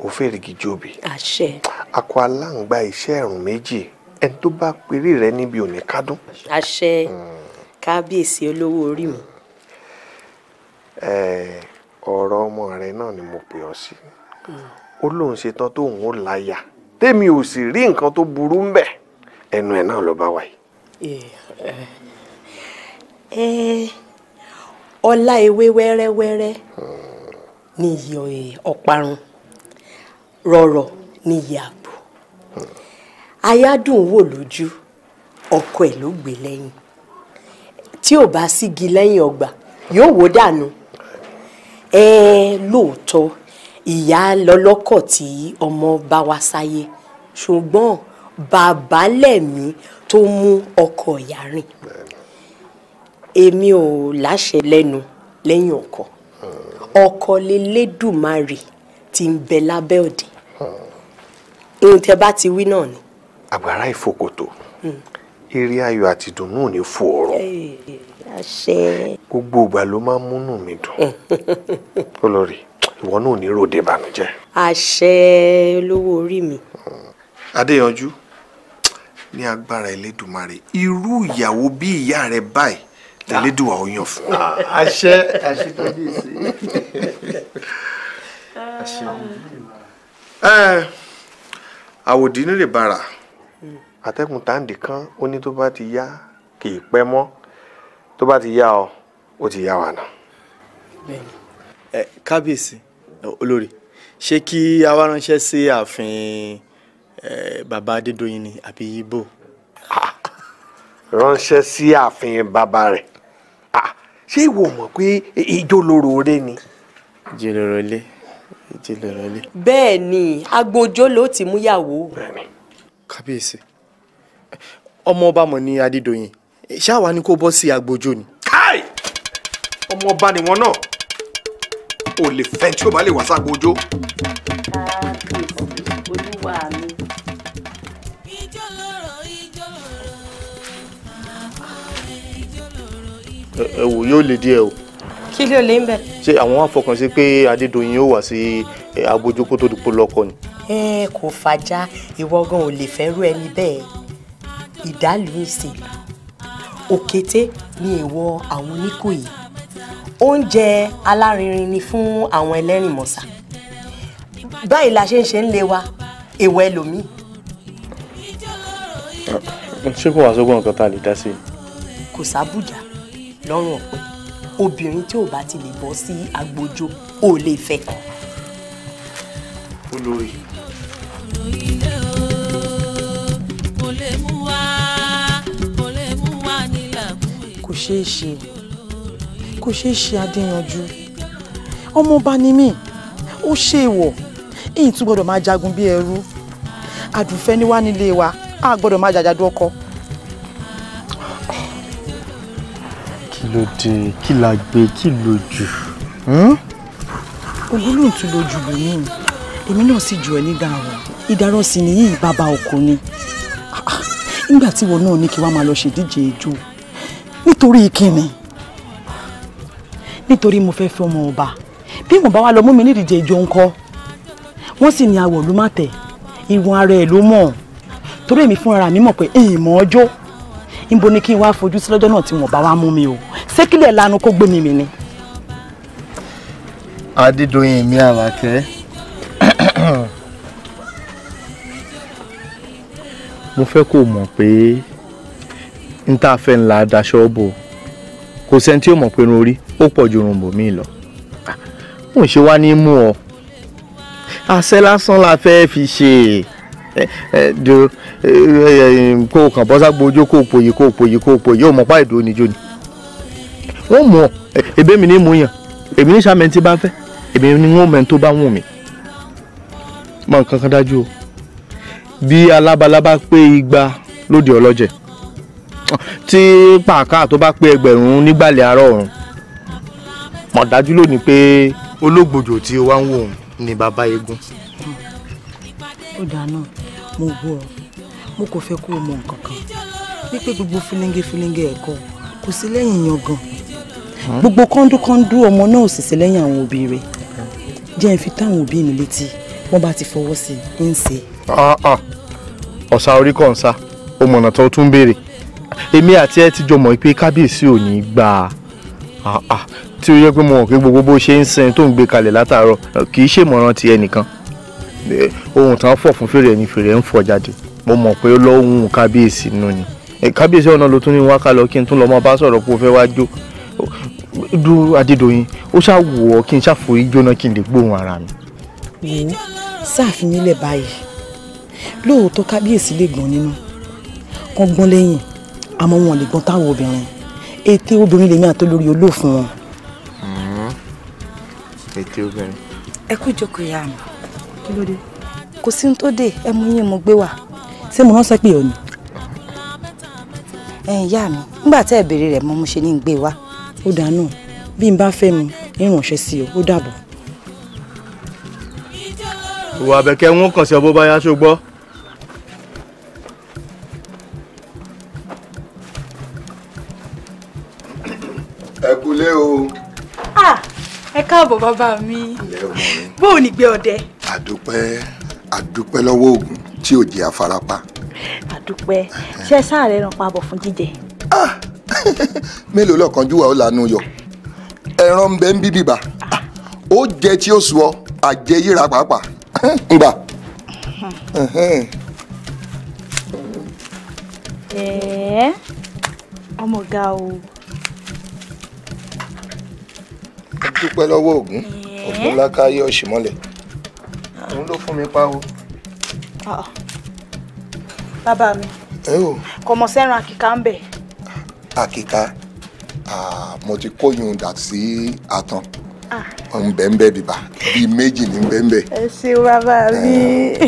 ó fèrègì jòbì. àṣẹ. akọ aláǹgbá iṣẹ́ ẹ̀rùn méjì ẹni tó bá péré rẹ níbi òní kádùn. àṣẹ hmm. kábíyèsí olówó orí mi. ọ̀rọ̀ ọmọ rẹ náà ni mo pè ọ́ sí. Hmm ó lóun ṣetán tóun ó láyà tèmi ò sì rí nǹkan tó burú ń bẹ̀ ẹnu ẹ̀ náà ló bá wà yìí. ọlá ewé wẹ́rẹ́wẹ́rẹ́ ni iyì ọ̀parun rọ̀rọ̀ ni iyì àgbò ayádùn wò lójú ọkọ ẹ̀ ló gbé lẹ́yìn tí ò bá sígi lẹ́yìn ọgbà yóò wò dànù ẹ lóòótọ́ ìyá lọ́lọ́kọ̀ tí ọmọ bá wa sáyé ṣùgbọ́n bàbá lẹ̀mí tó mú ọkọ ìyá rìn èmi ò láṣẹ lẹ́nu lẹ́yìn ọkọ ọkọ lélẹ́dùmarè tí ń bẹ lábẹ́ òde ohun tẹ bá ti wí náà ni. àgbàrá ìfòkòtò hmm. eré ayọ̀ àti ìdùnnú ò ní fò ọ̀rọ̀ gbogbo ìgbà ló máa ń múnú mi dùn [laughs] olórí ìwọ náà ní ròde ìbànújẹ́. àṣẹ olówó orí mi. adéyanjú ní agbára elédùnmarè irú ìyàwó bí ìyá rẹ báyìí lẹlẹdùnwà ó yàn fún. àṣẹ àṣẹ tó dé sí. àṣẹ àwòdì nílè bàrà atẹ́kùn táǹdì kan ó ní tó bá ti yá kì í pẹ́ mọ́ tó bá ti yá ọ ó ti yá wa nà. ẹ kábíyèsí olórí ṣé kí a wá ránṣẹ́ sí ààfin bàbá adédọ́yìn ni àbí ibo. Ah, ránṣẹ́ sí ààfin bàbá rẹ̀ ah, ṣé ìwọ mọ̀ pé ijó lóró rẹ ni. ijó lóró lé ijó lóró lé. bẹ́ẹ̀ ni agbójó ló ti múyàwó. kábíyèsí ọmọ ọba mọ̀ ní adédọ́yìn ṣáà wá ní kó bọ́ sí agbójó ni. káì ọmọ ọba ni wọn náà o lè fẹ́ tí o bá lè wá sáà gbójó. kábíyèsí olúwa mi. ẹ wò yóò lè díẹ̀ o. kí ló lè ń bẹ. ṣé àwọn wá fọkàn sí pé adédọyìn yóò wá sí agbójú kó tó dupò lọkọ ni. ẹ kò fàjà ìwọ gan ò lè fẹ́ rú ẹni bẹ́ẹ̀ ìdálù ń òkété ni èèwọ̀ àwọn oníkòyí oúnjẹ alárinrin ni fún àwọn ẹlẹ́rìn mọ̀sá báyìí la ṣe ń ṣe ń lé wa èèwọ̀ ẹlòmíì. ṣé kò wá sógbọ́n nǹkan tá a lè dá sí i. kò sábùjá lọ́rùn ọ̀pẹ obìnrin tí ò bá ti lè bọ́ sí agbójó ò lè fẹ́. olórí. kò ṣeé ṣe kò ṣeé ṣe adéyanjú ọmọọba ni mí ó ṣe ìwọ èyí tún gbọ́dọ̀ máa jagun bí ẹrú àdùnfẹ́ ni wá nílé wa á gbọ́dọ̀ máa jàjàdú ọkọ. kí ló dé kí la gbé kí ló jù. Hmm? ògúnlùntún ló jù lù mí èmi náà sì jù ẹ nígbà wọn ìdárọ̀ sí ni yìí bàbá ọkọ ni ah, ah, nígbà tí wọn náà ní kí wàá máa lọ ṣèdíje ijó nítorí kíni nítorí mo fẹ́ fẹ́ ọmọ ọba bí mo bá wá lọ mú mi nídìí jẹ ìjọ ńkọ́ wọ́n sì ní awọ̀ ló má tẹ̀ ìwọ̀n ara ẹ̀ ló mọ̀ torí èmi fúnra mi mọ̀ pé ìmọ̀ ọjọ́ níbo ni kí n wá fojú sí lọ́jọ́ náà tí wọ́n bá wá mú mi o sékìlẹ̀ lanu kó gbé mi mi ni. Adédoyin mi Àlàkẹ́ mo fẹ́ kó mọ̀ pé n tá a fẹ́ ńlá daṣọ́ bò kò sẹ́ni tí ó mọ̀ pé irun orí ó pọ̀ ju ròǹbò mi lọ ah, mo. ṣe wá ní mú ọ àṣẹ lásán la fẹ́ fi ṣe kó o kàn bọ́ ságbó ojú kó o pòyì kó o pòyì kó o pòyì ó mọ̀ pa ìdó oníjó ni wọ́n mọ̀ ẹ̀bẹ́ mi ní mú yàn èmi ní sàmẹ́ntì bá fẹ́ èmi ní wọ́n mẹ́ni tó bá wù mí mọ nǹkan kan dájú o bí alábalábá pé igba lóde ọlọ́jẹ̀ tí pàákà tó bá pé ẹgbẹ̀rún nígbàlẹ̀ àárọ̀ ọ̀run mọ̀ dájú lónìí pé. olóògbòjò tí o wá ń wò ó ni bàbá eégún. ó dáná mo gbọ́ ọ mo kò fẹ́ kó o mọ nǹkan kan wípé gbogbo fílẹ́ńgẹ́fílẹ́ńgẹ́ ẹ̀kọ́ kò sí lẹ́yìn yan gan gbogbo kọ́ńdúkọ́ńdú ọmọ náà ò sì sí lẹ́yìn àwọn òbí rẹ̀ jẹ́ ń fi táwọn òbí mi létí wọ́n bá ti fọwọ́ sí i ń ṣe. ọ̀sà orí kọ̀ǹsà o mọ̀nà tó tún béèrè èmi àti ẹ ti jọ pé kábíyèsí ò ní gbà á Ah, ah, tí ó yẹ pé mo mọ̀ pé gbogbo bó ṣe ń sẹ́yìn tó ń gbé kalẹ̀ látàárọ̀ kì í ṣèmọ̀ràn ti ẹnìkan ohun tán fọ̀ fún fèrè ni fèrè ń fọ̀ jáde mo mọ̀ pé lọ́hùn kábíyèsí nù ni kábíyèsí ọ̀nà ló tún ní wákà lọ kí n tún lọ mọ bá sọ̀rọ̀ pé o fẹ́ wá jó dú adédọ̀yìn ó ṣàwò ọ kí n ṣàforí jóná kí n lè gbóhùn ara mi. yìnyín sáàfin nílẹ̀ báyìí lóòótọ́ kábíyèsí lè gbọ́n nínú kán gbọ́n lẹ́yìn àmọ́ wọn lè gbọ́n táwọn obìnrin ète obìnrin lèmi àti olórí olóòfin wọn. ète mm-hmm. obìnrin. ẹ kú ìjókòó ìyá mi kí ló dé. kò sí ní tó dé ẹ mú yín mo gbé wá ṣé mo ránṣẹ́ pé ọ ni. ẹ̀yin ìyá mi nígbà tí ẹ bèrè rẹ̀ mo mo ṣe ní gbé wá. ó dànù bí n bá fẹ́ mu ìrànṣẹ́ sí o ó dàbọ̀. ìwà àbẹ̀kẹ́ wọn kàn sí ọ bó bá yá ṣó gbọ́. ẹ kúlé o. ẹ káàbọ̀ bàbá mi bóò ní gbé ọdẹ. àdúpẹ́ àdúpẹ́ lọ́wọ́ oògùn tí ò jẹ́ àfarapa. àdúpẹ́ ṣe sáàrẹ̀ ràn pa àbọ̀ fún jíjẹ. mélòó lọ́kànjú wa ó lanu yọ ẹran ń bẹ ń bíbí bá ó jẹ tí ó sùn àjẹ yíra pàápàá ngbà. ẹ̀ẹ́ ọmọ ga o. dúpẹ́ lọ́wọ́ ògún ògún lákáyé ọ̀ṣìmọ́lẹ̀ ah. òun ló fún mi páwo. Ah, ah. bàbá mi kò mọ̀ sẹ́ran àkìká ń bẹ̀. àkìká mo ti kóyún dà sí àtàn ń bẹ́ńbẹ́ bíbá bíi méjì ní bẹ́ńbẹ́. ẹ ṣe bàbá mi. Eh.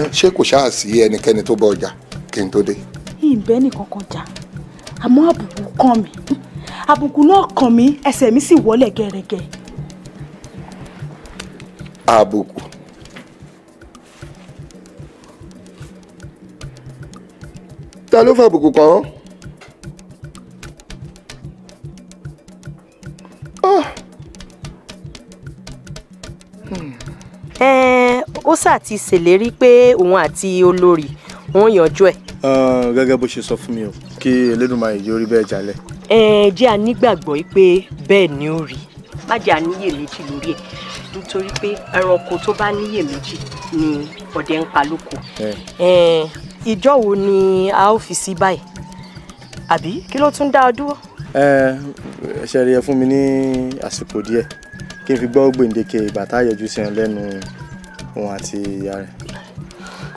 Eh, ṣé kò ṣáà sí ẹnikẹ́ni tó bá ọjà kí n tó dé. ìbẹ́ nìkan kan jà àmọ́ àbùkù kàn mí àbùkù náà kàn mí ẹsẹ̀ mi sì wọlé gẹ̀rẹ́gẹ̀. àbùkù. ta ló fàbùkù kàn án. Ah. ó sà ti ṣèlérí pé òun àti olórí wọn yanjú ẹ. Ah, gẹ́gẹ́ bó ṣe sọ fún mi o kí Elédùmarè yóò rí bẹ́ẹ̀ jalẹ̀. ẹ jẹ́ a nígbàgbọ́ pé bẹ́ẹ̀ ni ó rí má jẹ́ a níyè méjì lórí ẹ̀ nítorí pé ẹranko tó bá níyè méjì ni ọdẹ ń pa lóko. ìjọ wo ni a ó fi sí báyìí àbí kí ló tún dá ọ dúró. ẹ ṣe rí ẹ fún mi ní àsìkò díẹ̀ kí n fi gbọ́ gbèǹdéke ìbàtà yọjú sí ẹ lẹ́nu òun àti ìyá rẹ̀.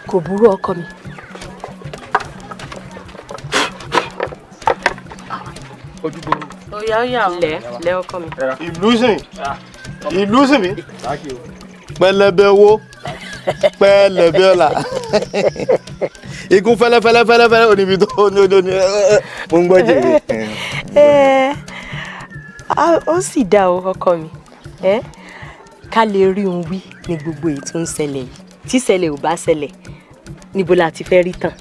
kò burú ọkọ mi ojúgbòrò. oya oya o lẹ lẹ ọkọ mi. ìlú sìn ìlú sìn mi pẹlẹbẹ wo pẹlẹbẹ ọlà igun fẹlẹfẹlẹ fẹlẹfẹlẹ oníbi tó ní odò ni mo ń gbọ́ jèrè. ó sì dá o ọkọ mi ká lè rí òun wí ní gbogbo èyí tó ń ṣẹlẹ̀ yìí tí ṣẹlẹ̀ ò bá ṣẹlẹ̀ níbo la ti fẹ́ rí tán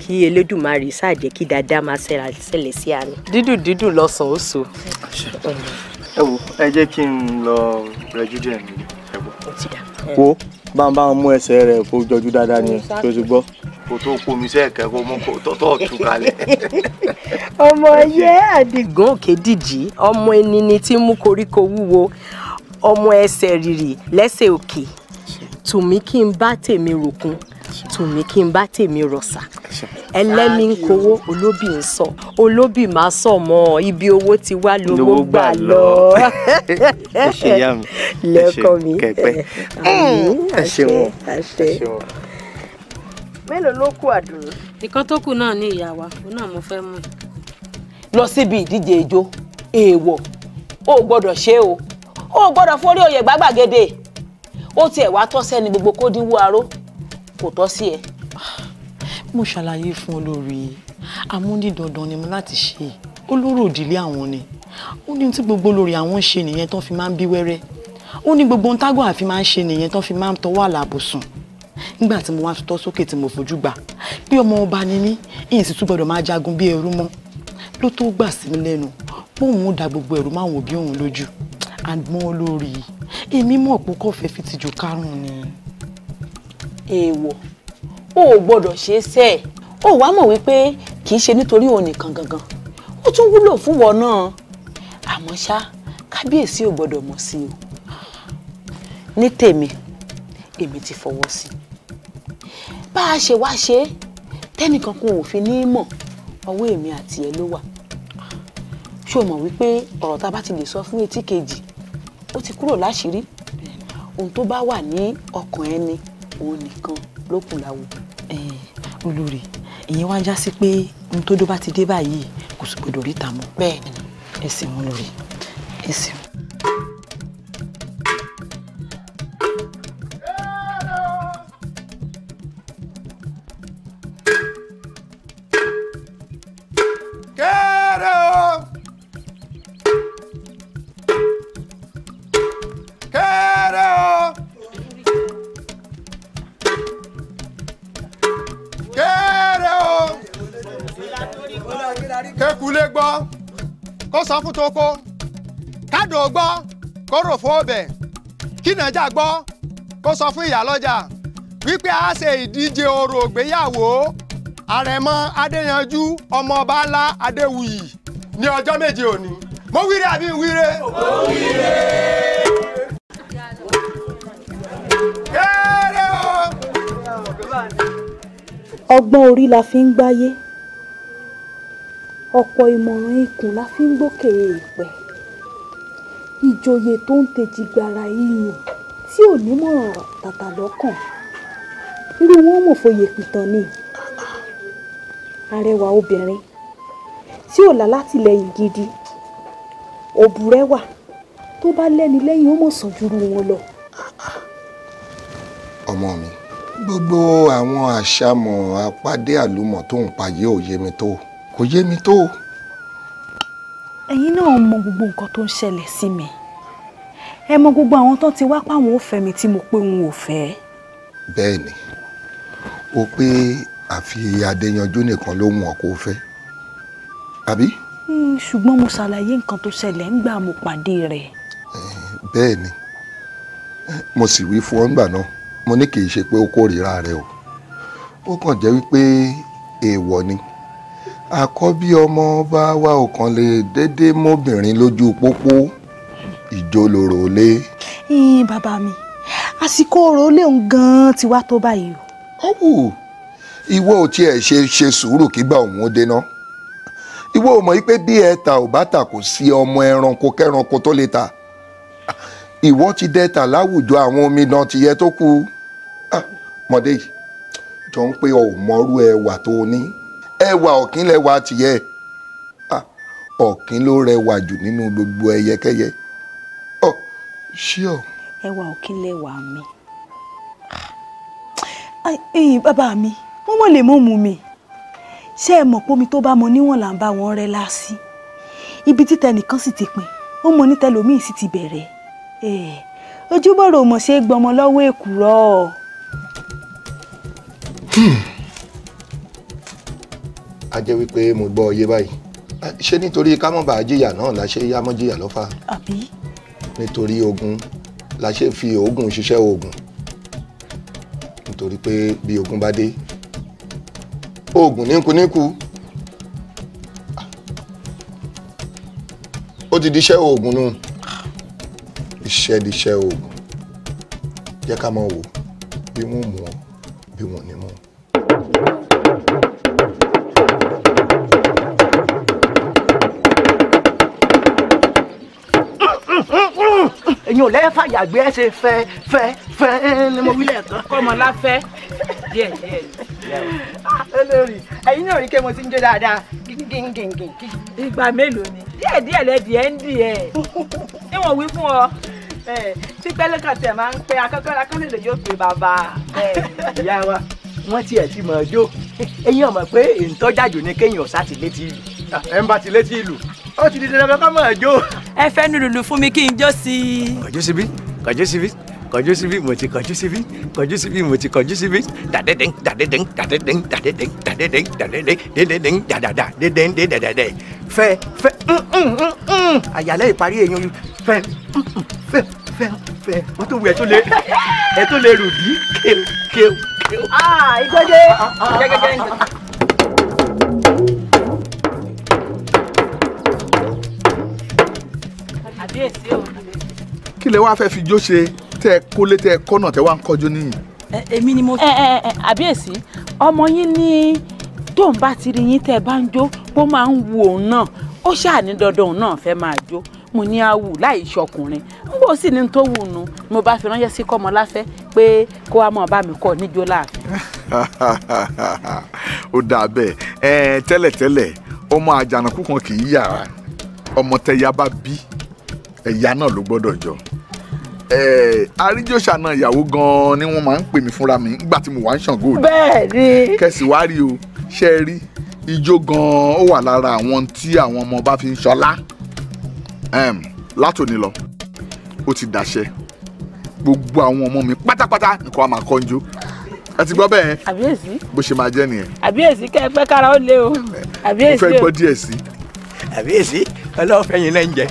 kí elédùnmarè ṣàjẹ́ kí dáadáa máa ṣẹlẹ̀ sí àná. dídùn dídùn lọ́sàn-án ó so. ẹ wo ẹ jẹ́ kí n lọ rẹjú díẹ̀ mi ẹ wo. wo bá ń bá ń mú ẹsẹ̀ rẹ̀ kó jọjú dáadáa ni tó ti gbọ́. kò tó pomi sẹ́ẹ̀kẹ́ kó mú kó tọ́tọ́ tú kalẹ̀. [laughs] ọmọ yẹ àdìgún òkè dìjì ọmọ ẹni ni tí mú koríko wúwo ọmọ ẹsẹ̀ rírì lẹ́sẹ̀ òkè tùmí kí n bá tèmi ròkun tùmí kí n bá tèmi rọ̀ṣà ẹlẹ́mi ń kówó olóbì ń sọ olóbì máa sọ mọ́ ibi owó ti wá lówó gbà lọ. [laughs] ẹ ṣe yá mi ẹ ṣe wọn mm, ẹ ṣe wọn. mélòó ló kù àdùnnú. nǹkan tó kù náà ní ìyá wa òun náà mo fẹ́ mú un. lọ síbi ìdíje ijó èèwọ̀ o ò gbọ́dọ̀ ṣe o o ò gbọ́dọ̀ forí oyè gbàgbàgede ó tiẹ̀ wá tọ́ sẹ́ni gbogbo kó dínwó aró kò tọ́ sí ẹ mo ṣàlàyé fún olórí amúnídandan ni mo láti ṣe olóró òdìlé àwọn ni ó ní tí gbogbo olórí àwọn ṣe nìyẹn tán fi máa ń bí wẹ́rẹ́ ó ní gbogbo ntágùn àfi máa ń ṣe nìyẹn tán fi máa ń tọwọ́ àlàbò sùn nígbà tí mo wá tọ́ sókè tí mo fojú gbà pé ọmọ ọba ni mí ìyìn sì tún gbọdọ̀ máa jagun bí ẹrú mọ́ ló tó gbà sí mi lẹ́nu póun da gbogbo ẹ̀rù máwọn òbí òun lójú àmọ́ olórí èmi mọ̀ pé kò fẹ́ fi tìjú kárùn-ún ni. èèwọ̀ o ò gbọ́dọ̀ ṣe é sẹ́ ẹ̀ o wàá mọ̀ wípé kì í ṣe nítorí òun nìkan gangan ó tún wúlò fún wọn náà àmọ́ ṣá kábíyèsí ò gbọ́dọ̀ mọ̀ sí o ní tèmi èmi ti fọwọ́ sí bá a ṣe wá ṣe tẹ́nìkan kún òfin ní mọ̀ ọwọ́ èmi àti ẹ ló wà ṣó mọ̀ wípé ọ̀rọ̀ tá a bá ti lè sọ fún etí kejì ó ti kúrò láṣìírí ohun tó bá wà ní ọkàn ẹni òun nìkan ló kù láwùjọ. Eh, olórí ìyẹn wá ń já sí pé ohun tó dó bá ti dé báyìí kò sì gbọdọ̀ ríta mọ́ bẹ́ẹ̀ ẹ ṣeun olórí ẹ ṣeun. fún toko kádò gbọ́ kó fún ọbẹ̀ kínájà gbọ́ kó sọ fún ìyálọ́jà wípé a ṣe ìdíje orò ìgbéyàwó àrẹ̀mọ adéyanjú ọmọọba ńlá adéwuyì ní ọjọ́ méje òní mo wíre àbí wíre. mo wíre. ọgbọ́n orí la fi ń gbáyé ọ̀pọ̀ ìmọ̀ràn ikùn la fi ń gbókè èèpẹ̀ ìjòyè tó ń tejì gbara iyùn tí ò ní mọ̀ràn tàtà lọ́kàn irú wọn mọ̀ fòye pìtàn ni arẹwà obìnrin tí ò lálátìlẹ́yìn gidi òbúrẹ́wà tó bá lẹ́ni lẹ́yìn ó mọ̀ sàn jùrú wọn lọ. ọmọ mi gbogbo àwọn àṣàmọ̀ àpàdé àlùmọ̀ tó ń payé òye mi tó kò yé mi tó. ẹ̀yin náà mọ gbogbo nǹkan tó ń ṣẹlẹ̀ sí mi ẹ mọ gbogbo àwọn tó ti wá páwọn ò fẹ́ mi tí mo pé òun ò fẹ́. bẹ́ẹ̀ ni o pé àfi adéyanjú nìkan ló mú ọ kó fẹ́ àbí. Hmm, ṣùgbọ́n mo ṣàlàyé nǹkan tó ṣẹlẹ̀ ńgbà mo pàdé rẹ̀. bẹ́ẹ̀ ni mo sì wí fún ọ ńgbà náà mo ní kì í ṣe pé o kórìíra rẹ o ó kàn jẹ́ wípé èèwọ̀ ni àkọ́bí ọmọ ọba wa ò kàn lè déédéé mọ́bìnrin lójú pópó ìjólóró lé. bàbá mi àsìkò ọ̀rọ̀ léun gan-an ti wá tó báyìí o. ọwọ ìwọ ò tiẹ̀ ṣe ṣe sùúrù kígbà òun ó dena ìwọ ò mọ̀ pé bí ẹ ta ò bá ta kò sí ọmọ ẹranko kẹranko tó lè ta ìwọ ti dẹ́ta láwùjọ àwọn omidan tìyẹ tó kù ah, mọ̀dé jọ ń pé ọ̀ mọ́rú ẹwà tó o ní ẹwà ọ̀kín lẹwà tìyẹ ah, ọ̀kín ló rẹwà jù nínú gbogbo ẹyẹkẹyẹ ọ oh, ṣí ọ. ẹwà ọ̀kín lẹwà mi ah, bàbá mi wọ́n mọ̀ lè mọ̀ mú mi ṣé ẹ mọ̀ pómi tó bá mọ níwọ̀n là ń bá wọn rẹ láàsì ibi títẹ nìkan sì ti pin ó mọ nítẹlómìn sì ti bẹ̀rẹ̀ ojúbọ̀rọ̀ mọ̀ ṣe gbọmọ lọ́wọ́ èkùrọ́. Hmm a jẹ́ wípé mo gbọ́ ọyé báyìí ṣé nítorí kámọ́bà jìyà náà la ṣe yá mọ́jìyà lọ́fà àbí nítorí ogun la ṣe fi oògùn ṣiṣẹ́ oògùn nítorí pé bí ogun bá dé oògùn níkuníku ó ti di iṣẹ́ oògùn nù iṣẹ́ di iṣẹ́ oògùn jẹ́ ká mọ̀ wò bí wọ́n mú ọ bí wọ́n ní mú ẹ̀yin ò lẹ́yìn fàyàgbé ẹ̀ ṣe fẹ́ fẹ́ fẹ́ ni mo wí lẹ́ẹ̀kan. [laughs] kọ́mọ láfẹ́ díẹ̀ díẹ̀. olórí ẹ̀yin náà rí kí mo ti ń jó dáadáa gíngíngíngín. ìgbà mélòó ni díẹ̀ díẹ̀ lẹ́dí ẹ̀ ń dì ẹ̀ níwọ̀n wí fún ọ [laughs] tí pẹ́lẹ́kàn tẹ̀ máa ń pe akọ́kọ́ lákọ́lẹ̀ lè yóò pe bàbá [laughs] ìyá wa wọ́n tiẹ̀ ti mọ̀ ọjọ́ ẹ̀yin ọmọ pé ìtọ́jàjò ni kéèyàn ọ̀sá ìlú ẹ̀ ń bá ti ìlú ó ti di dandan ká máa jó. ẹ fẹ́ nu lùlù fún mi kí n jó sí i. kọjú síbí kọjú síbí kọjú síbí mo ti kọjú síbí kọjú síbí mo ti kọjú síbí dàdédéng dàdédéng dàdédéng dàdédéng dàdédéng dàdédéng dédédéng dàdàdà dédéng dédàdàdà fẹ fẹ mm, mm, mm, àyàlẹ́ ìparí èèyàn fẹ fẹ fẹ fẹ wọ́n tó wù ẹ́ tó lè ẹ́ tó lè rù bí kéw kéw. ah ìgbọ́dé gẹ́gẹ́ gẹ́gẹ́. kíyèsí o. kí lẹ wá fẹ́ fi jó ṣe tẹ kólé tẹ kọ́nà tẹ wá ń kọjú níyìn. èmi ni mo. ẹ ẹ ẹ àbíyèsí ọmọ yín ní tóun bá ti rí yín tẹ bá ń jó bó máa ń wu òun náà ó ṣàní dandan òun náà fẹ́ máa jó mo ní a wù láì ṣọkùnrin n kò sì ní tó wù nù mo bá fi ránṣẹ́ sí kọ́mọláfẹ́ pé kó wàá mọ̀ bá mi kọ́ níjó láàfin. [laughs] ó dà bẹ́ẹ̀ tẹ́lẹ̀tẹ́lẹ̀ ọmọ àjànàkú kan kì í yàrá ọmọ tẹ́yà bá bí ẹ̀yà náà ló gbọ́dọ̀ jọ àríjòṣà eh, náà ìyàwó gan-an ni wọ́n máa ń pè mí fúnra mi nígbà tí mo wà ń ṣàngó òde bẹ́ẹ̀ni kẹsì wá rí o ṣe rí ijó gan-an ó wà lára àwọn tí àwọn ọmọ bá fi ń ṣọlá ehm, látòní lọ ó ti dàṣẹ gbogbo àwọn ọmọ mi pátápátá nǹkan a máa kọ́ ń jó ẹ ti gbọ́ bẹ́ẹ̀ bó ṣe máa jẹ́ nìyẹn àbíyèsí kẹ́ ẹ pẹ́ kára ó lé o ehm, àbíyèsí o mo fẹ́ gbọ́ díẹ̀ sí i àbíyèsí ọlọ́ọ̀fẹ́ yìí náà ń jẹ.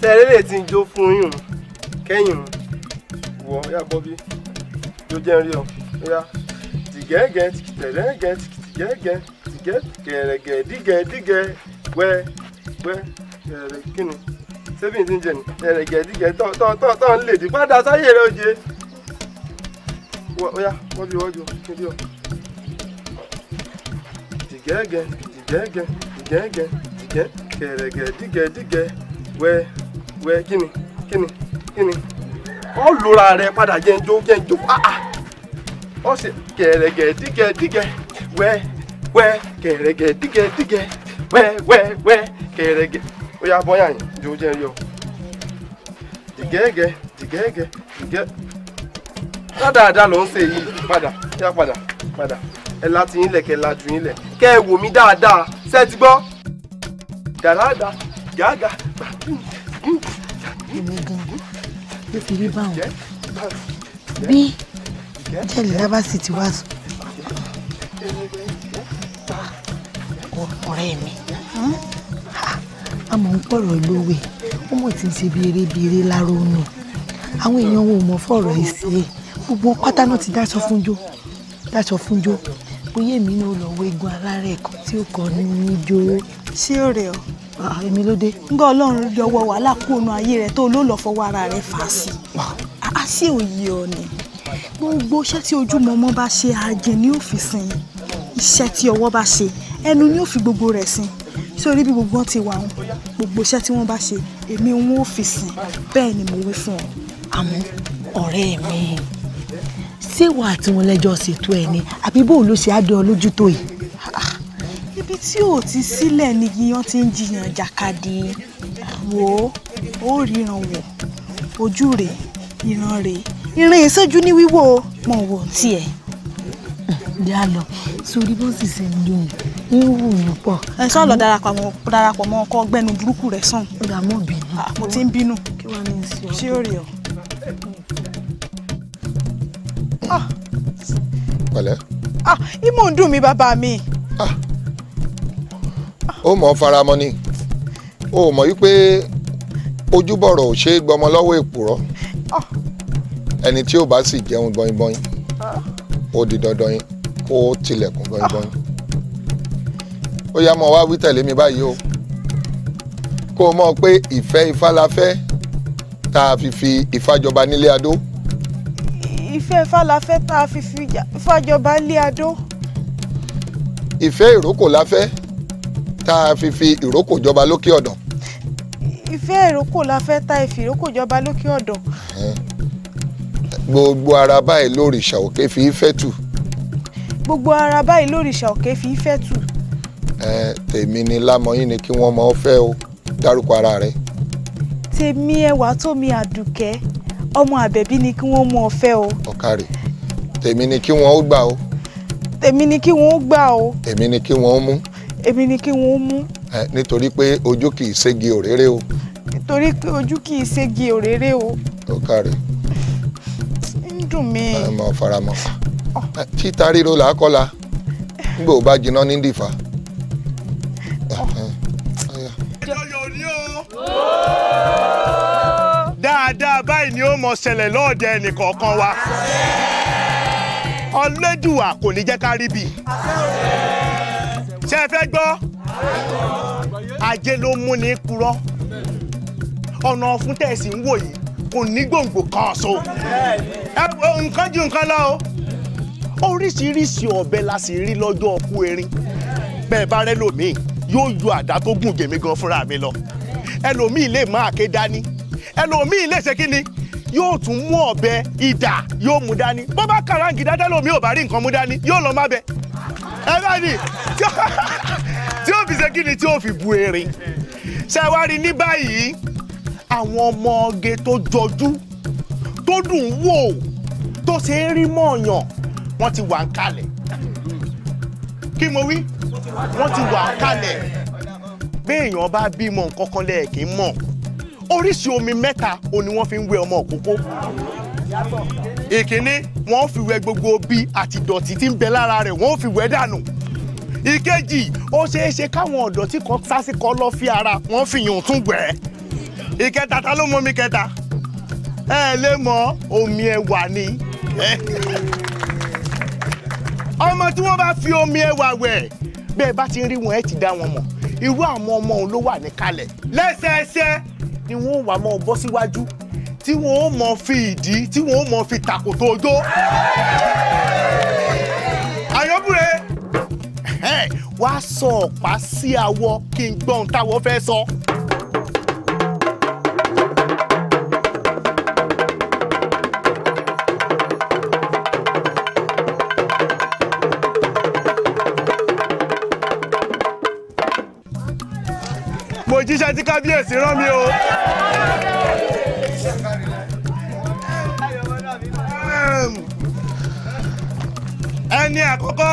sẹ́ẹ̀rẹ́ ah, lè ti jó fún yín kẹ́yìn wọ̀ ya bọ́ bí yóò jẹ́ rí ọ ya tìgẹ́gẹ́ tìkìtẹ̀rẹ́gẹ́ tìkìtìgẹ́gẹ́ gẹ̀rẹ̀gẹ̀ gẹ̀rẹ̀gẹ̀ dígẹ̀ dígẹ̀ wẹ́ wẹ́ gẹ̀rẹ̀ kíni sẹ́bìn tí ń jẹ ni gẹ̀rẹ̀gẹ̀ dígẹ̀ tọ́ tọ́ tọ́ tọ́ ń lè dí padà sáyé rẹ oje wọ́yá wọ́n bí wọ́n jọ níbí ọ. dìgẹ́gẹ́ dìgẹ́gẹ́ dìgẹ́gẹ́ dìgẹ́ gẹ̀rẹ̀gẹ̀ dígẹ̀ dígẹ̀ wẹ́ wẹ́ kíni kíni kíni ọ lóra rẹ padà jẹ́ ń jó jẹ́ ń jó ah ah ọ sì gẹ̀rẹ̀gẹ̀ dígẹ̀ dígẹ̀ wẹ́ wẹ́ kẹ̀rẹ̀gẹ̀ dígẹ̀ dígẹ̀ wẹ́ wẹ́ wẹ́ kẹ̀rẹ̀gẹ̀ ó yá bọ́ yàn yín jò jẹ́ yọ. dìgẹ́gẹ́ dìgẹ́gẹ́ dìgẹ́ dáadáa ló ń ṣe yìí padà yá padà padà ẹ láti yín lẹ̀ kẹ́ ẹ lajú yín lẹ̀ kẹ́ ẹ wò mí dáadáa ṣé ẹ ti gbọ́. dàdáàdà gàgà èmi gan ló fi rí báwọn bí jẹ́lẹ̀ lábàsì ti wá sùn ọ̀rẹ́ mi a mọ̀ ń pọ̀rọ̀ lówe ó mọ̀ tí ń ṣe bí eré bí eré láró nù àwọn èèyàn wo mọ̀ fọ̀rọ̀ ẹ̀ sí i gbogbo pátá náà ti dáṣọ fúnjó dáṣọ fúnjó bóyá èmi náà lọ wọ egun alárẹ̀ kan tí ó kọ́ ní níjó. ṣé o rẹ o. èmi ló dé. ń gbọ́ ọlọ́run yọwọ́ wàhálà kú ayé rẹ tó ló fọwọ́ ara rẹ fà á sí. a sì òye ọ gbogbo iṣẹ́ tí ojúmọmọ bá ṣe àjẹ ní òfìsìn yìí iṣẹ́ tí ọwọ́ bá ṣe ẹnu ni ó fi gbogbo rẹ̀ sin sórí bí gbogbo wọn ti wà wọn gbogbo iṣẹ́ tí wọ́n bá ṣe èmi wọn ò fi sìn bẹ́ẹ̀ ni mo wí fún ọ. àmọ́ ọ̀rẹ́ mi ṣé wàá tí wọn lẹ́jọ́ ṣètò ẹ ni àbí bóun ló ṣe adé ọ lójú tó yìí. Ah, ibi tí ò ti sílẹ̀ ni yíyan ti ń jiyàn jàkadì wò ó ríran wò ojú rèé ìran rèé ìran ìṣẹ́jú ní wíwò mọ̀ wò tiẹ̀ jẹ́ à lọ sórí bó sì ṣe ń dùn ní wù mí pọ̀. ẹ sọ lọ darapọ̀ mọ́ darapọ̀ mọ́ ọkọ gbẹnu burúkú rẹ sàn. ó dà mọ́ bínú. Ah, mo ti ń bínú. kí wàá ní í ṣe ọ. ṣé ó rí ọ. Ah. pẹ̀lẹ́. Ah, imú ń dùn mí bàbá mi. ó mọ̀ faramọ́ ni ó mọ̀ wípé ojúbọ̀rọ̀ ò ṣe é gbọmọ lọ́wọ́ èpùrọ́ ẹni tí ó bá sì jẹun bọyìnbọyìn ó di dandan yín kó tilẹ̀kùn gbọ̀ngbọ̀n ó yá mọ wá wí tẹ̀lé mi báyìí o kó o mọ̀ pé ìfẹ́ ifá la fẹ́ tá a fi fi ifá jọba nílé adó. ìfẹ́ ifá la fẹ́ tá a fi fi ifá jọba nílé adó. ìfẹ́ ìrókò la fẹ́ tá a fi fi ìrókò jọba lókè ọ̀dàn. ìfẹ́ ìrókò la fẹ́ tá a fi ìrókò jọba lókè ọ̀dàn. gbogbo ara báyìí lóríṣà òkè fi í fẹ́ tù gbogbo ara báyìí lórìṣà òkè fi fẹ́ tù. ẹ tèmi ni lámọyìn ni kí wọ́n mọ ọ fẹ́ o dárúkọ ara rẹ. tèmi ẹwà tómi àdùkẹ́ ọmọ àbẹ̀bí ni kí wọ́n mọ ọ fẹ́ o. ọ̀kàrè tèmi ni kí wọ́n ó gbà o. tèmi ni kí wọ́n ó gbà o. èmi ni kí wọ́n ó mú. èmi ni kí wọ́n ó mú. ẹ nítorí pé ojú kì í ségi òréré o. nítorí pé ojú kì í ségi òréré o. ọ̀kàrè. ń dùn mí. ẹ mọ faramọ. Ah, eh, títa ríro là á kọ́la nígbà ò bá jiná ní dìfà. Ah. Eh, eh, dáadáa báyìí ni ó mọ ṣẹlẹ̀ lóde ẹnìkọ̀ọ̀kan wa ọlẹ́dùwà kò ní jẹ́ ká rí bi ṣé ẹ fẹ́ gbọ́ ajé ló mú ní purọ́ ọ̀nà ọ̀fun tẹ̀sí ń wò yìí kò ní gbòǹgbò kan so nǹkan ju nǹkan lọ o. oríṣiríṣi ọ̀bẹ la sì rí lọ́jọ́ ọkú erin bẹ́ẹ̀ bá rẹ́ lòmíì yóò yọ àdá tó gùn jèmi gan fúnra mi lọ ẹlòmíì lè má àké dání ẹlòmíì lè ṣe kíni yóò tún mú ọ̀bẹ idà yóò mú dání bó bá kàràǹgì dáadáa lòmíì ò bá rí nǹkan mú dání yóò lọ má bẹ ẹ bá ní tí ó [laughs] fi ṣe kíni tí ó fi bu erin ṣe ní báyìí àwọn ọmọge tó jọjú tó dùn wò tó ṣe é rí mọ̀ọ́yàn wọ́n ti wà ń kalẹ̀ kí mo wí wọ́n ti wà ń kalẹ̀ béèyàn bá bímọ nǹkan kan lẹ́ẹ̀kì mọ̀ oríṣi omi mẹ́ta o ni wọ́n fi ń wẹ ọmọ òkókó ìkíní wọ́n fi wẹ gbogbo bí àti dọ̀tí tí ń bẹ lára rẹ̀ wọ́n fi wẹ dànù ìkejì ó ṣeé ṣe káwọn ọ̀dọ́ tí kan sásìkọ́ lọ́ fi ara wọ́n fi yàn tún wẹ̀ ìkẹta ta ló mọ omi kẹta ẹ lè mọ omi ẹwà ni. [laughs] ọmọ tí wọ́n bá fi omi ẹwà wẹ̀ bẹ́ẹ̀ bá ti rí wọn ẹ ti dá wọn mọ̀ irú àwọn ọmọ òun ló wà níkàlẹ̀ lẹ́sẹẹsẹ ni wọ́n wà mọ́ bọ́ síwájú tí wọ́n ó mọ fi ìdí tí wọ́n ó mọ fi tàkòtò ojó. àyọ̀bùrẹ́ wàá sọ ọ̀pá sí awọ kí n gbọ́n táwọ fẹ́ sọ. So. jíṣẹ́ tí kábíyèsí rán mi o. ẹni àkọ́kọ́.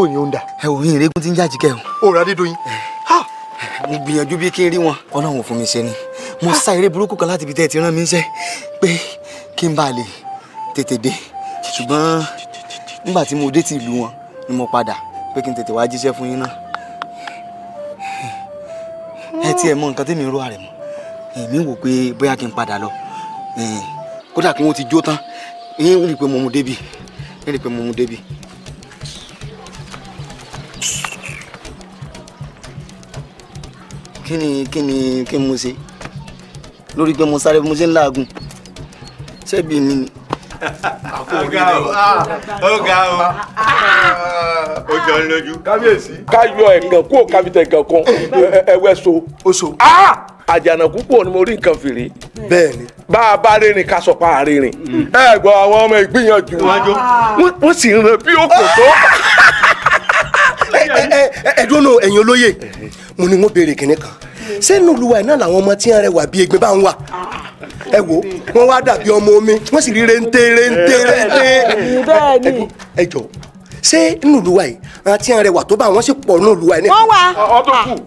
bó ni ó ń dà. ẹ ò yin ìrẹ́gùn tí ń jáde kẹ́ o. ó rà dídùn yín. mo gbìyànjú bí kí n rí wọn ọlọ́run fún mi ṣe ni mo sá eré burúkú kan láti ibi tẹ́ ẹ ti rán mi iṣẹ́ pé kí n bá lè tètè dé ṣùgbọ́n nígbà tí mo dé ti ìlú wọn ni mo padà pé kí n tètè wá jíṣẹ́ fún yín náà ẹ tiẹ̀ mọ nǹkan tẹ́mi ń rò àrẹ̀ mọ́ èmi wò pé bóyá kí n padà lọ kódà kí wọ́n ti jó tán ń rí pé mo mú débi ń rí pé mo mú débi kí ni kí ni kí ni mo ṣe lórí pé mo sáré mo ṣe ń làágùn ṣebí mi ni. ọ̀gá o ọ̀gá o ó jọ ń lójú. kábíyèsí ká yọ ẹ̀gàn kó kábíyèsí ẹ̀gàn kan ẹ̀wẹ̀ so. ó so àjànàkú pọ̀ ni mo rí nǹkan fèrè. bẹ́ẹ̀ni. bá a bá rìnrìn ká sọ pa àrìnrìn. ẹ gbọ́ àwọn ọmọ ìgbìyànjú. wọ́n sì ń rẹ bí òkòtó ẹ̀dùn eh, eh, eh, nù ẹ̀yin olóye mo ni wọ́n béèrè kìnìún kan sẹ́nu olùwà iná làwọn ọmọ tí ń rẹwà bí egbin bá ń wà ẹ wo wọ́n wá dàbí ọmọ omi wọ́n sì rí rente rente rente ẹ jọ ṣé inú ìlú wa yìí àti àwọn ẹrẹ̀wà tó bá wọn sì pọ̀ inú ìlú wa yìí. wọ́n wà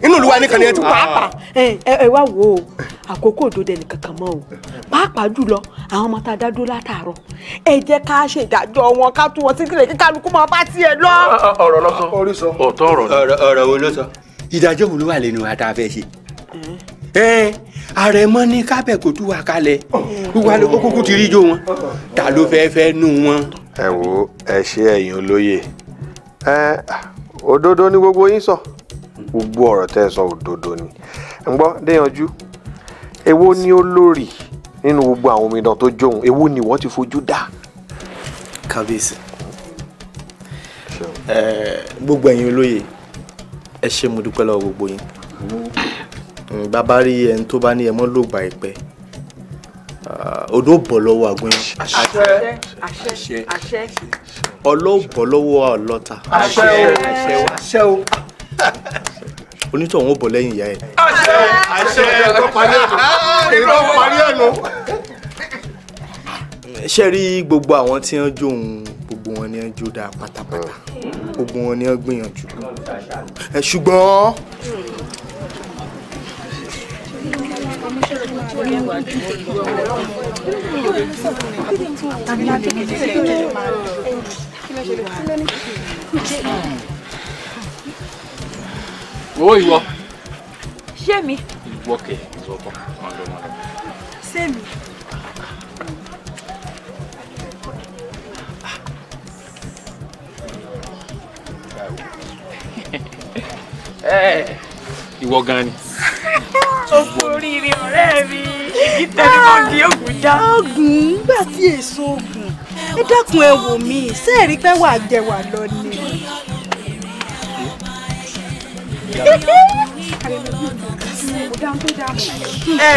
inú ìlú wa nìkan ni ẹ ti pa. Ah. ẹ ẹ wá wo àkókò òdòdó ẹnì kankan mọ́ o pàápàá jùlọ àwọn ọmọ tá a dá dúró látàárọ̀ ẹ jẹ́ ká ṣe ìdájọ́ wọn ká tú wọn sí kílẹ̀ kí kálukú máa bá tiẹ̀ lọ. Ah, ah, ọ̀rọ̀ lọ sọ ọ̀tọ̀ ọ̀rọ̀ ọ̀rọ̀ wo ló sọ ìdájọ́ wo ló wà lẹ́nu wa tá a fẹ́ ṣe àrẹ̀mọ ní kábẹ̀ kò tú wa kalẹ̀ wíwá ló kókó ti rí jó wọn ta ló fẹ́ fẹ́ nù wọn. ẹ wo ẹ ṣe ẹ̀yin olóye òdodo ni gbogbo yín sọ gbogbo ọ̀rọ̀ tẹ́ ẹ sọ òdodo ni ń gbọ́ déyanjú Ewo ni olórí nínú gbogbo àwọn omidan tó jóun Ewo ni wọ́n ti fojú dá. kábíyèsí gbogbo ẹ̀yin olóye ẹ ṣé mo dúpẹ́ lọ́wọ́ gbogbo yín bàbá rí ẹni tó bá ní ẹmọ lògbà ìpẹ odò bọ̀ lọ́wọ́ àgún yìí. àṣẹ àṣẹ àṣẹ ọlọ́bọ̀ lọ́wọ́ ọlọ́ta. àṣẹ o àṣẹ o onítọ̀hún ó bọ̀ lẹ́yìn ìyá ẹ̀. àṣẹ àṣẹ ẹ̀rọ parí ẹ̀nu ah, ẹ̀rọ parí ẹ̀nu. ṣé rí gbogbo àwọn tí wọ́n jó òun gbogbo wọn ni wọ́n jó dáa pátápátá gbogbo wọn ni wọ́n gbìyànjú ṣùgbọ́n owó ìwọ. ṣé mi. ìwọ kẹ ìwọ kọ wọn lọ wọn lọ. ṣé mi. Hey! ìwọ gan ni. ogun oríire ọ̀rẹ́ mi igi ah! ogun já. ogun nígbà tí èso ogun ẹ dákun ẹ wò mí sẹ́ẹ̀rí pé wàá jẹ wà lọ ni. ẹ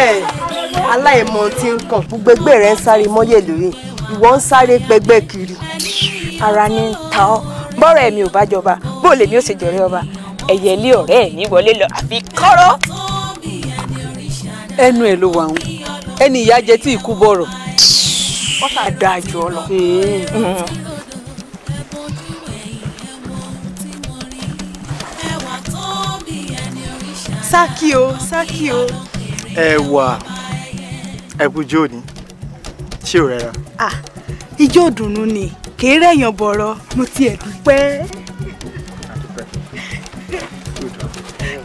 aláìmọ tí ń kàn gbogbo rẹ ń sáré mọ́yẹ̀ lórí ìwọ ń sáré pẹgbẹ́ kiri ara ní ń ta ọ́ bọ́rọ̀ ẹ̀mí ò bá jọba bó lèmi ò sì jọ̀rẹ́ ọba ẹyẹ ilé ọ̀rẹ́ ẹ̀ ní wọlé lọ àfi kọ́rọ́. ẹnu ẹ ló wà ń ẹni ìyá jẹ tí ikú bọ̀rọ̀ wọ́n fà dáa lọ. sákì o sákì o. ẹ wà ẹkùjọ ni ṣé ò rẹra. Ah, ijó ìdùnnú ni kèé rẹ̀yàn bọ̀rọ̀ mo tiẹ̀ dúpẹ́.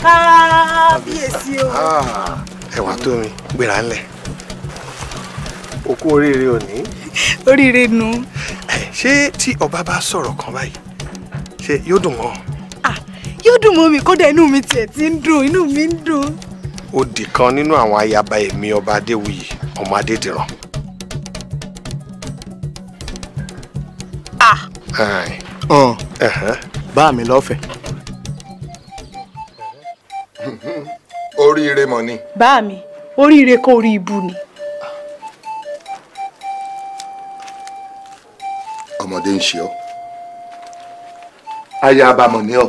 kábíyèsí o. Ah, ẹwà tó mi gbéra ńlẹ̀ òkú oríire òní. oríire nu. ṣé tí ọba bá sọ̀rọ̀ kan báyìí ṣé yóò dùn mọ́. yóò dùn mọ́ mi kódà inú mi tiẹ̀ ti ń dùn inú mi ń dùn. ó di kan nínú àwọn ayaba èmi ọba adéwuyì ọmọ adédìran. bá mi lọ́fẹ̀ẹ́. [laughs] oríire mọ̀ ni. bá mi oríire kò rí ibu ni. ọmọdé ń ṣe ọ aya abamọ ni ọ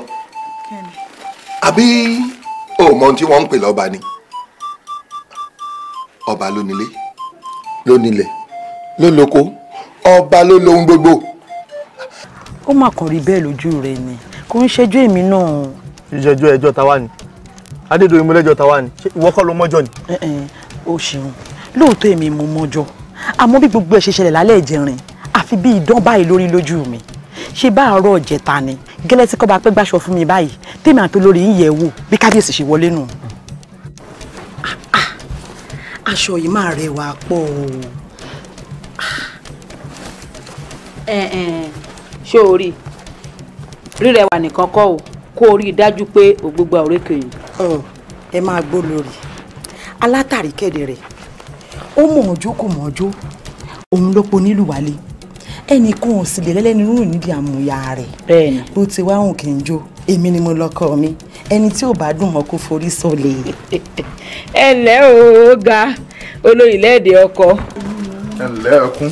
àbí o mọ ohun tí wọ́n ń pè lọ́ba ni ọba lónílé lónílẹ̀ lóloko ọba ló lohun gbogbo. ó mà kàn rí bẹ́ẹ̀ lójú rẹ ni kò ń ṣẹjọ́ èmi náà. ìṣẹ́jọ́ ẹjọ́ ta wá ni adédọ̀yìn mọ́lẹ́jọ tàwa ni ìwọ kọ́ ló mọ́jọ ni. ó eh, eh, ṣeun lóòótọ́ èmi mo mọ́jọ àmọ́ bí gbogbo ẹ̀ ṣe ṣẹlẹ̀ lálẹ́ ìjẹrin àfi bí idán báyìí lórí lójú mi ṣe bá àárọ̀ ìjẹta ni gẹ́lẹ́ tí kọ́ba pé gbàṣọ fún mi báyìí tèmi àti olórí yìí yẹ̀ wò bí kábíyèsí ṣe wọlé nù. aṣọ yìí máa rẹwà pọ̀ o. Eh, ṣé o rí rírẹwà nìkan kọ́ o kó o rí i dájú pé ògbógbà òrékè yìí ẹ máa gbó lórí alátàrí kedere ó mọ̀ ọjọ́ kò mọ̀ ọjọ́ òun ló po nílùú wálé ẹnì kan ò sì lè lẹ́lẹ́ni rúrùn nídìí àmúyá rẹ̀ bẹ́ẹ̀ni bó ti wá òun kì í jó èmi ni mo lọ́kọ mi ẹni tí ò bá dùn mọ́ kó forí sọlẹ̀. [laughs] ẹ ǹlẹ́ o ga olóyè lẹ́ẹ̀dẹ̀ ọkọ. ẹ ǹlẹ́ ọkún.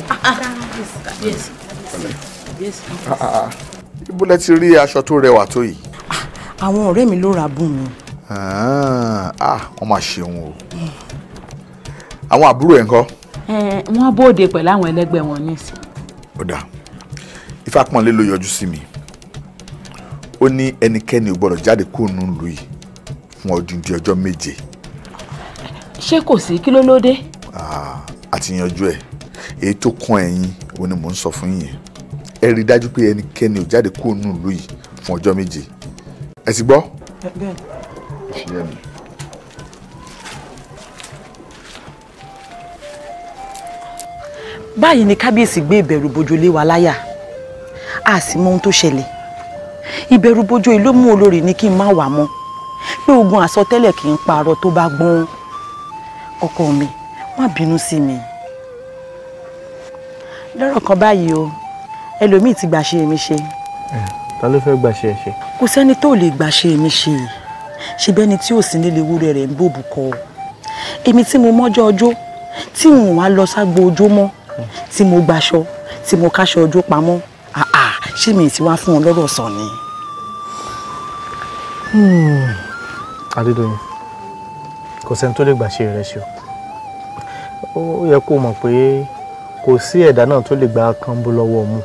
ibo lẹ ti rí aṣọ tó rẹwà tó yìí. Ah, àwọn ọ̀rẹ́ mi ló ra bùn mi. Ah, ah, wọ́n máa ṣeun o àwọn àbúrò ẹ̀ ń kọ́. wọ́n bóde pẹ̀lú àwọn ẹlẹ́gbẹ́ wọn nísìn. ó dáa ìfapọ̀nlé ló yọjú sí mi ó ní ẹnikẹ́ni ò gbọ́dọ̀ jáde kúrò nílùú yìí fún ọdún di ọjọ́ méje. ṣé kò sí kí ló ló dé. Ah, a ti yanjú ẹ èyí tó kan ẹ̀yin òun ni mò ń sọ fún yín ẹ rí i dájú pé ẹnikẹ́ni ò jáde kúrò nílùú yìí fún ọjọ́ méje ẹ ti gbọ́ przyjemnie. báyìí ni kábíyèsí gbé ìbẹ̀rù bojo lé wa láyà a sì mọ ohun tó ṣẹlẹ̀ ìbẹ̀rù bojo yìí ló mú olórí ní kí n má wà mọ́ pé ogun àsọtẹ́lẹ̀ kì í parọ́ tó bá gbọ́n ọkọ mi má bínú sí mi lọ́rọ̀ kan báyìí o ẹlòmíì ti gbàṣe mi ṣe. ta ló fẹ́ gbàṣe ẹ ṣe. kò sẹ́ni tó lè gbàṣe mi ṣe yìí ṣe bẹ́ni tí ò sí nílé ewúrẹ́ rẹ̀ ń bòbù kọ èmi tí mo mọ́jọ́ ọjọ́ tí n wá lọ ságbo ọjọ́ mọ́ tí mo gbaṣọ tí mo káṣọ ọjọ́ pamọ́ àà ṣé mi ti wá fún ọ lọ́rọ̀ sọ ni. Hmm, Adédọ̀yìn kò sẹ́ni tó lè gbà ṣe rẹ̀ ṣe o ó yẹ kó mọ̀ pé kò sí ẹ̀dá náà tó lè gba kanbo lọ́wọ́ mu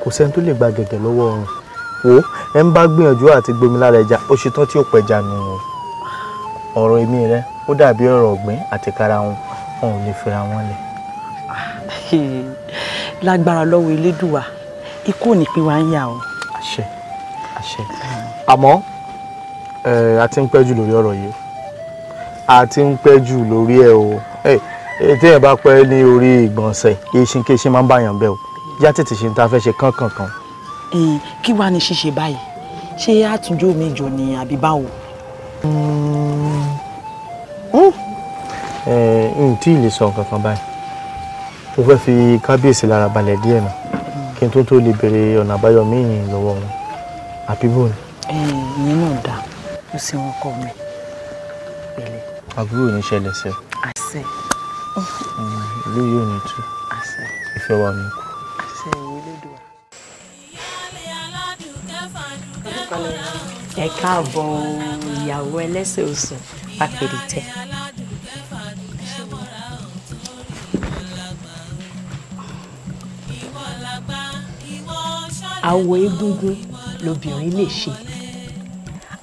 kò sẹ́ni tó lè gba gẹ̀gẹ̀ lọ́wọ́ ọrùn wo ẹ ń bá gbìyànjú àti gbomi lára ẹja ó ṣetán tí ó pẹja nù ú ọ̀rọ̀ èmi rẹ ó dàbí ọ̀rọ̀ ọ̀gbìn àti karahun wọn ò lè fira wọn lẹ̀. [laughs] lágbára lọ́wọ́ elédùà ikú ò ní pín wá ń yà o. àṣẹ àṣẹ àmọ́ a ti ń pẹ́ lórí ọ̀rọ̀ yìí a ń pẹ́ lórí ẹ̀ o téèyàn bá pẹ́ ní orí ìgbọ̀nsẹ̀ eṣinkéṣin máa ń bàyàn bẹ́ẹ̀ o yá tètè ṣe ní ta fẹ́ ṣe kánkànkàn. Eh, kí wàá ní ṣíṣe báyìí ṣé àtúnjó mi jọ ni àbí báwo. Hmm. Hmm? Eh, n tí ì lè sọ nǹkan kan báyìí mo fẹ́ fi kábíyèsí lára balẹ̀ díẹ̀ náà hmm. kí n tó tó lè béèrè ọ̀nà àbáyọ míì lọ́wọ́ wọn àbí bò ni. Eh, ìyẹn náà dáa ó sì wọn kọ mi pẹ̀lẹ́. àbúrò ní ṣẹlẹ̀ sí. àṣẹ. ìlú yóò ní tú ìfẹ́ wa ní kú. kalẹ̀. ẹ káàbọ̀ ìyàwó ẹlẹ́sẹ̀ oṣù pàpèrè tẹ. àwo egungun lobìnrin lè ṣe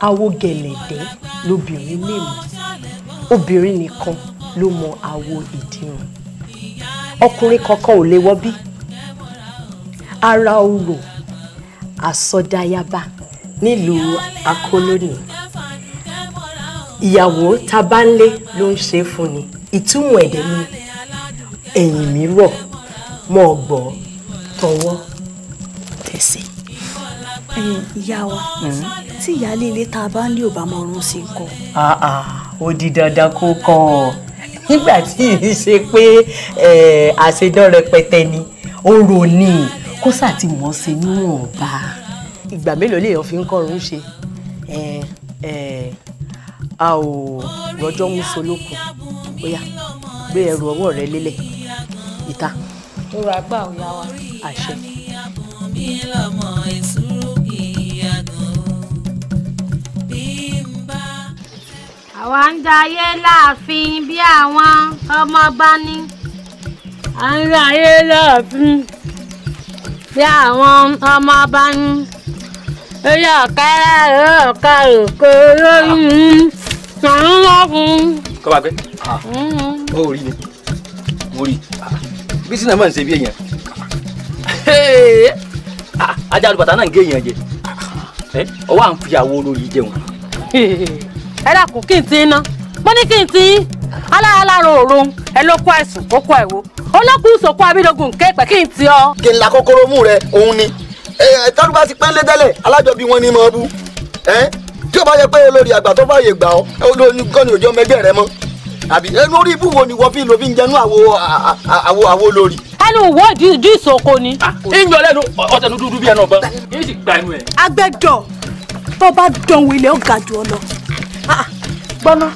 àwo gẹ̀lẹ̀dẹ́ lobìnrin lè mú obìnrin nìkan ló mọ àwo ìdírun ọkùnrin kankan ò lè wọ bí ara orò àsọdáyàbá. So nílùú akólónì ìyàwó tabánlé ló ń ṣe fún ni ìtumọ̀ ẹ̀dẹ̀ ni ẹ̀yìn mi rọ̀ mọ́ ọ gbọ́ tọwọ́ tẹsẹ̀. ìyá wa hmm? tí ìyáálé ilé tá a bá ń lé ò bá mọ ọrùn sí kọ. ó di dandan kó kọ ọ nígbà tí ì ṣe pé àṣedán rẹpẹtẹ ni ó rò ní kó sàtìmọ́ ṣe níwọ̀nba ìgbà mélòó lèèyàn fi ń kọrùn ṣe a ò rọjọ́ mú solókun bóyá gbé ẹrù ọwọ́ rẹ lélẹ̀ ìta. ó ra gbà òyà wa. àṣẹ. àwa ń dayé láàfin bí àwọn ọmọ bá ní. à ń dayé láàfin bí àwọn ọmọ bá ní. eré ọ̀kárá eré ọ̀kárá òkè olóyún sọ̀rọ̀ lọ́kùn. kọ́ bá pẹ́ ah. mm-hmm. ó rí ni mo rí bí sinna máa ń ṣe bí èèyàn ah, ajá náà ń gé èèyàn jẹ eh, ọwọ́ à ń fi àwo jẹun. ẹ kí n ti iná mo ní kí n ti yín òrun ẹ ló kó kó kó abídógún kí n ti ọ. kí n la kókóró mú rẹ ni. Eh, eh, tọ́dún bá ti pẹ́ lé tẹ́lẹ̀ alájọbí wọn ni mọ̀ bú eh, tí o bá yẹ pé olórí àgbà tó fààyè gbà ọ́ olórí kan ní òjò mẹgbẹ́ rẹ mọ́ àbí ẹnu orí ibú wo ni wọ́n fi lò fi ń jẹnu àwo àwo olórí. ẹnu wo ìsoko ni. Ah, ìyọ̀ lẹ́nu ọ̀tẹ̀nu dúdú bíi ẹnu ọ̀bọ̀n yìí sì gba inú ẹ̀. agbẹ́dọ̀ tó ga jù ọ lọ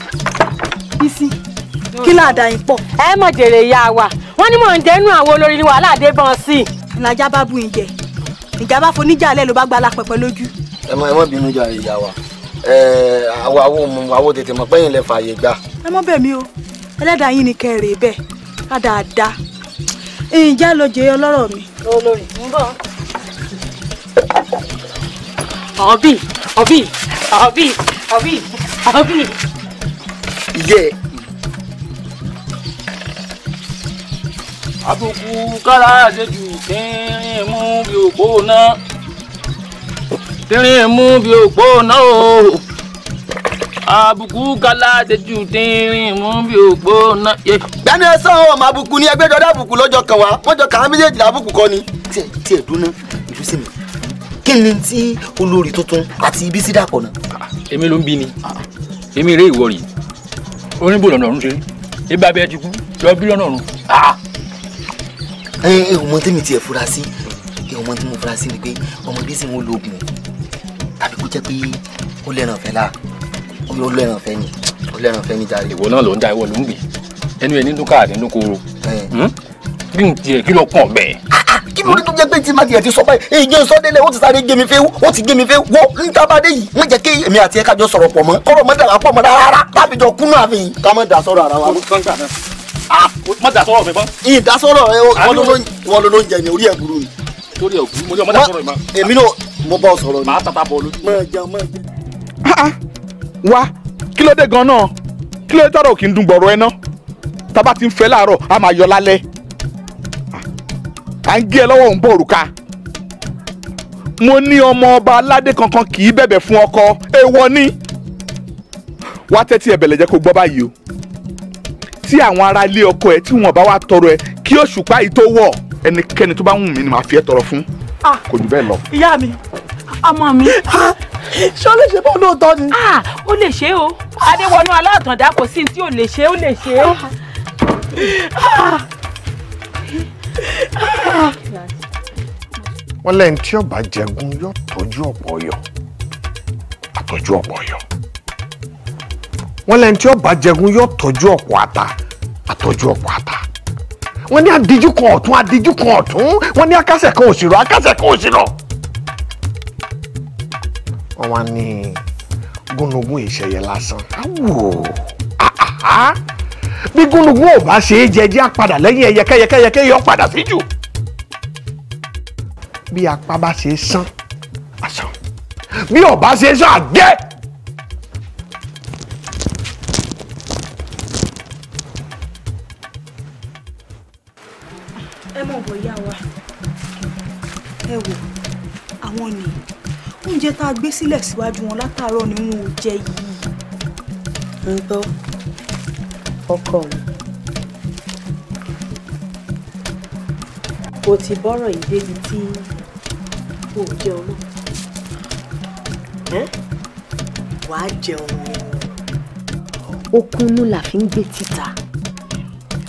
isi ah, kí láàdá yín pọ̀. ẹ mọ̀ jèrè ìyá wa wọ́n ní mò ń àwo olórí ìjà bá foníjà lẹ́ ló bá gba alápẹ̀pẹ̀ lójú. ẹ mọ ẹ mọ bínú jà ìyá wa àwọ àwọ àwọ tètè mọ pẹ́yìn lẹ fààyè gbà. ẹ mọ bẹ̀ mí o ẹlẹ́dàá yín ni kẹrè bẹ́ẹ̀ ká dáadáa ìjà lọ jẹ ọlọ́rọ̀ mi. olórí ń bọ̀. ọ̀bì ọ̀bì àbùkù kára àṣejù tínrín mú bí òpó náà tínrín mú bí òpó náà o àbùkù kára àṣejù tínrín mú bí òpó náà. gbẹ́ni ẹ sọ́wọ́ ọmọ àbùkù ni ẹgbẹ́ dọ́dọ̀ àbùkù lọ́jọ́ kan wá wọ́n jọ kàá méjèèjì àbùkù kọ́ ni. tiẹ̀ tiẹ̀ dúná ìlú sèmi kí ni tí olórí tuntun àti ibi sí dàpọ̀ náà. èmi ló ń bí ni èmi rè ìwọ rè oníbò lọ́nà ọ̀run ṣe é bẹ́ẹ̀ ti kú lọ bí lọ́nà ọ̀run. Ah! ọmọ tèmi tiẹ̀ fura sí ọmọ tí mo fura sí ni pé ọmọ bí sì ń lo oògùn tàbí kó jẹ́ pé ó lẹ́ràn ọ̀fẹ́ láà ó lẹ́ràn ọ̀fẹ́ ni ó lẹ́ràn ọ̀fẹ́ ni jàre. ìwọ náà ló ń da ìwọ ló ń gbè ẹnu ẹni dún káàdì ní koro hmm? kí n tiẹ̀ kí ló pọ̀ bẹ́ẹ̀. Ah, ah, kí ló dé tó jẹ́ pé tí màdìyẹ ti sọ báyìí èyí jẹ́ sọ́dẹ́lẹ̀ ó ti sáré gé mi fẹ́ ó ti gé mi fẹ́ wọ́ ntabadé yìí wọ́n jẹ́ kí èmi àti ẹ̀ka jọ sọ̀rọ̀ pọ̀ mọ́ kọ́rọ̀ mọ́ dàgbà pọ̀ mọ́ rárá tábìjọ kúnú àfihàn ká mọ́ dà sọ̀rọ̀ ara wa. Ah, ma sọ̀rọ̀ mi da ẹ orí torí mo ọmọ da sọ̀rọ̀ mi mọ́. èmi ọ sọ̀rọ̀ ni. màá tata bọ̀ lójú. máa jẹun máa jẹun. Ah, ah, wa kí ló dé gan-an kí ló dé tọrọ ẹ ná a máa yọ à ń gé ọmọ ọba aládé kankan kì í bẹ̀bẹ̀ ọkọ ni wá tẹ́tí ẹ̀bẹ̀lẹ̀ jẹ́ kó gbọ́ tí àwọn ará ilé ọkọ ẹ tí wọn bá wá tọrọ ẹ kí òṣùpá yìí tó wọ ẹnikẹ́ni tó bá wù mí ni màá fi ẹ tọrọ fún ah, kò jù bẹ́ẹ̀ lọ. ìyá mi ọmọ mi. Ah, ṣé ó lè ṣe bọ́ọ̀lù òótọ́ ni. ó ah, lè ṣe o adéwọnú aláàtàndá kò sí tí ò lè ṣe ó lè ṣe. wọ́n lẹ́yìn tí ọba jẹ̀gún yóò tọ́jú ọ̀pọ̀ ọyọ̀ àtọ́jú ọ̀pọ̀ ọyọ̀ wọ́n lẹ́ni tí ọba jẹgun yóò tọ́jú ọ̀pọ̀ ata àtọ́jú ọ̀pọ̀ ata wọ́n ní adiju kan ọ̀tún adiju kan ọ̀tún wọ́n ní akásẹ̀ kan òsìrò akásẹ̀ kan òsìrò. wọ́n wá ní gúnugún ìṣẹ̀yẹ lásán awò bí gúnugún ò bá ṣe é jẹjẹ apadà lẹ́yìn ẹyẹ kẹyẹkẹyẹ kẹyẹ ọ̀padà síjù bí apá bá ṣe é sán àsán bí ọ̀bá ṣe é sán àgbẹ̀. ọkọ wa ẹ wò àwọn ni oúnjẹ tá a gbé sílẹ̀ síwájú wọn látàárọ̀ ni wọn ò jẹ yìí. ń gbọ́ ọkọ mi mo ti bọ́rọ̀ yìí débi tí mo jẹun náà wàá jẹun ni okun la fi ń gbé títa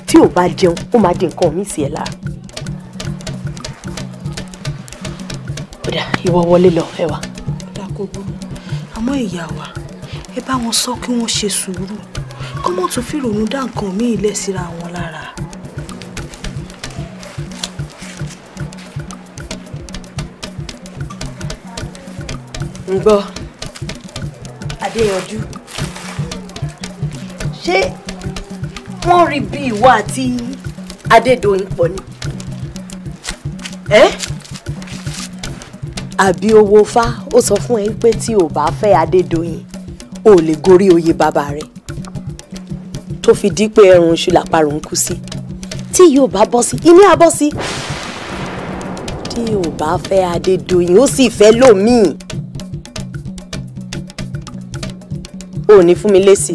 tí ò bá jẹun ó máa di nǹkan mi sí ẹ lára. kódà ìwọ wọlé lọ ẹ wá. dàkógbó àmọ́ ìyá wa ẹ bá wọn sọ kí wọ́n ṣe sùúrù kọ́mọ́ tún fi rònú dá nǹkan míì lẹ̀ síra wọn lára. ń gbọ́ adéyanjú ṣé wọ́n rí bí ìwọ àti adédoyin pọ̀ ni. eh? àbí owó fá ó sọ fún ẹ pé tí ò bá fẹ́ adédọ̀yìn ò lè gorí oyè bàbá rẹ̀ tó fi di pé ẹrùn oṣù làparò ń kú sí tí yóò bá bọ́ sí inú àbọ̀ sí tí ò bá fẹ́ adédọ̀yìn ó sì fẹ́ lòmíì ò ní fún mi lésì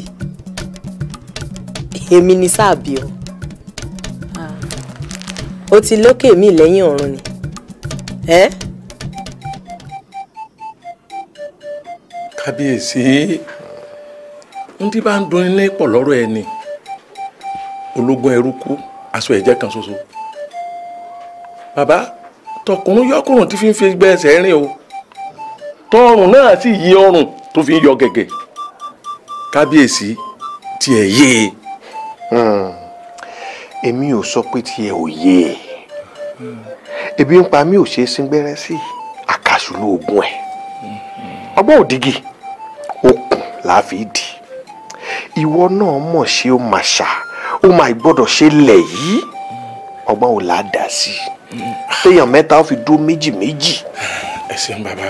èmi ni sáàbì ọ ó ah. ti lókè mi lẹ́yìn ọ̀run ni. Eh? kábíyèsí ń tí bá ń dunni ní pọ̀ lọ́rọ̀ ẹ ni ológun ẹrú kú aṣọ ẹ̀jẹ̀ kan ṣoṣo bàbá tọkùnrin yọkùnrin tí fi ń fi gbẹ ẹsẹ̀ rìn o tọrùn náà sì yí ọrùn tó fi ń yọ gẹ̀gẹ̀ kábíyèsí tiẹ̀ yé e. Hmm. èmi ò sọ pé tiẹ̀ ò yé e ebi ń pa mí ò ṣe é síngbẹ́rẹ́ sí àkàṣù lóògùn ẹ̀ ọgbọ́n òdìgì láàfin dì ìwọ náà mọ̀ ṣé ó máa ṣà ó máa gbọ́dọ̀ ṣe lẹ̀ yìí ọgbọ́n ò láàdá sí i téèyàn mẹ́ta ó fi dúró méjì méjì. ẹ ṣeun bàbá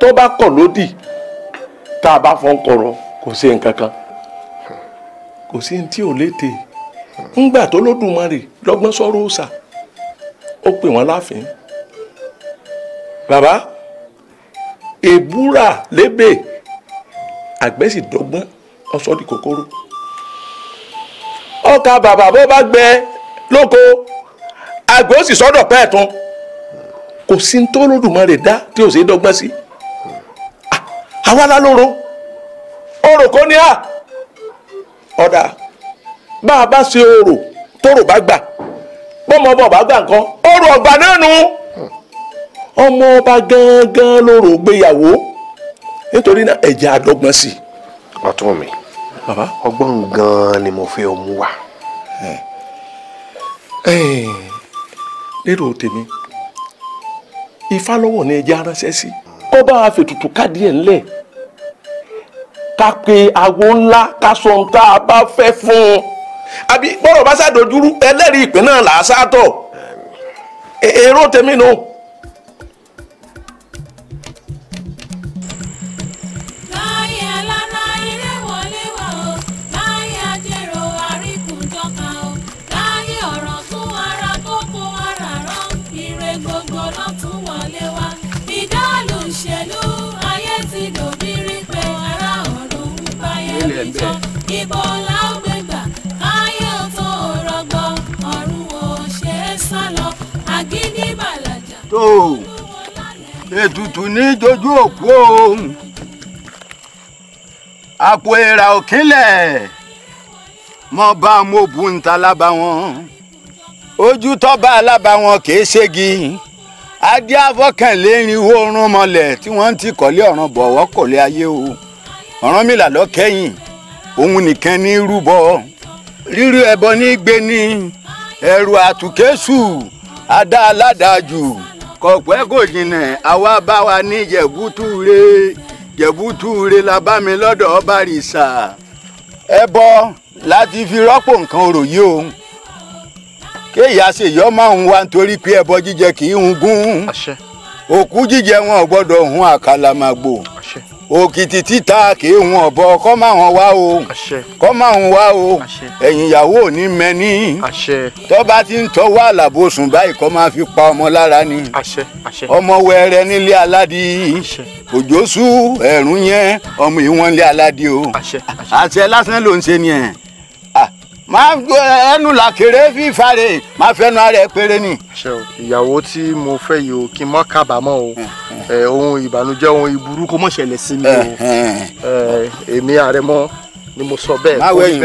tó bá kọ̀ lódì tá a bá fọ́n kọ̀rọ̀ kò sí nǹkan kan kò sí ní tí ò létè ńgbà tó lódùmarè lọ́gbọ́n sọ̀rọ̀ òòṣà ó pè wọ́n láàfin bàbá èbúrà lébè. E àgbẹ̀ sì dọ́gbọ́n ọsọ di kòkòrò ọkà bàbà bó bá gbẹ lóko àgbẹ̀ ó sì sọ́dọ̀ pẹ́ tán kò sí ní tÓlódùmarè rẹ̀ dá tí ò sí dọ́gbọ́n sí àwa la lóró orò kò ní à ọ̀dà bá a bá ṣe orò tórò bá gbà bọ́mọ ọba ọba gbà nǹkan orò ọgbà náà ọmọ ọba gangan lórò gbéyàwó nítorí náà ẹ̀jẹ̀ àdọ́gbọ́n sí. ọtún mi ọgbọ́n gan-an ni mo fẹ́ ọ mú wá. lérò tèmi ifá lọ́wọ́ ni ẹja ránṣẹ́ sí kó bá a fètùtù káàdì ẹ̀ ńlẹ̀ ká pe aago ńlá ká sọ ohun tá a bá fẹ́ fún un àbí bọ́rọ̀ bá ṣàdójúrú ẹlẹ́rìí ìpín náà làá sáàtọ̀ èrò tèmi nù. No ètùtù ní dojú òkú o àpò èrà òkínlẹ̀ mọ bá mo bu níta lába wọn ojú tọ́ba alába wọn kìí ṣégi adé afọkànlérínwó rún mọlẹ̀ tí wọ́n ti kọ́lé ọ̀ràn bọ̀wọ́ kọ́lé ayé o ọ̀ràn mi là lọ́kẹ́yìn òun nìkan ní rúbọ rírú ẹbọ ní gbéni ẹrù àtúkẹ́sù adá aládàjù kọ̀pẹ́ kò jìnnà àwa bá wa ní jẹ̀bútúre jẹ̀bútúre la bá mi lọ́dọ̀ ọba rìṣà ẹbọ láti fi rọ́pò nǹkan orò yìí o kéèyà ṣe yọ máa ń wa nítorí pé ẹbọ jíjẹ kì í hun gún òkú jíjẹ wọn ò hun àkàlà màgbò òkìtì títa kéwọn ọ̀bọ kọ́ máa wọn wá o kọ́ máa wọn wá o ẹ̀yìn ìyàwó ò ní mẹ́ni ti ń tọ́ wá àlàbòsùn báyìí kọ́ máa fi pa ọmọ lára ni ọmọ wẹrẹ nílé aládì òjò sú ẹ̀rún yẹn ọmọ ìwọ̀n nílé aládì o àṣẹ lásán ló ń ṣe nìyẹn máa ẹnu làkèrè fífa rè máa fẹnu ara ẹ péré ni. ìyàwó tí mo fẹ́ yìí o kí n má kábàámọ̀ o ohun ìbànújẹ́ ohun ìburú kó mọ̀ ṣẹlẹ̀ sí mi o èmi àrẹ̀mọ ni mo sọ bẹ́ẹ̀ kó fẹ́. máa olórí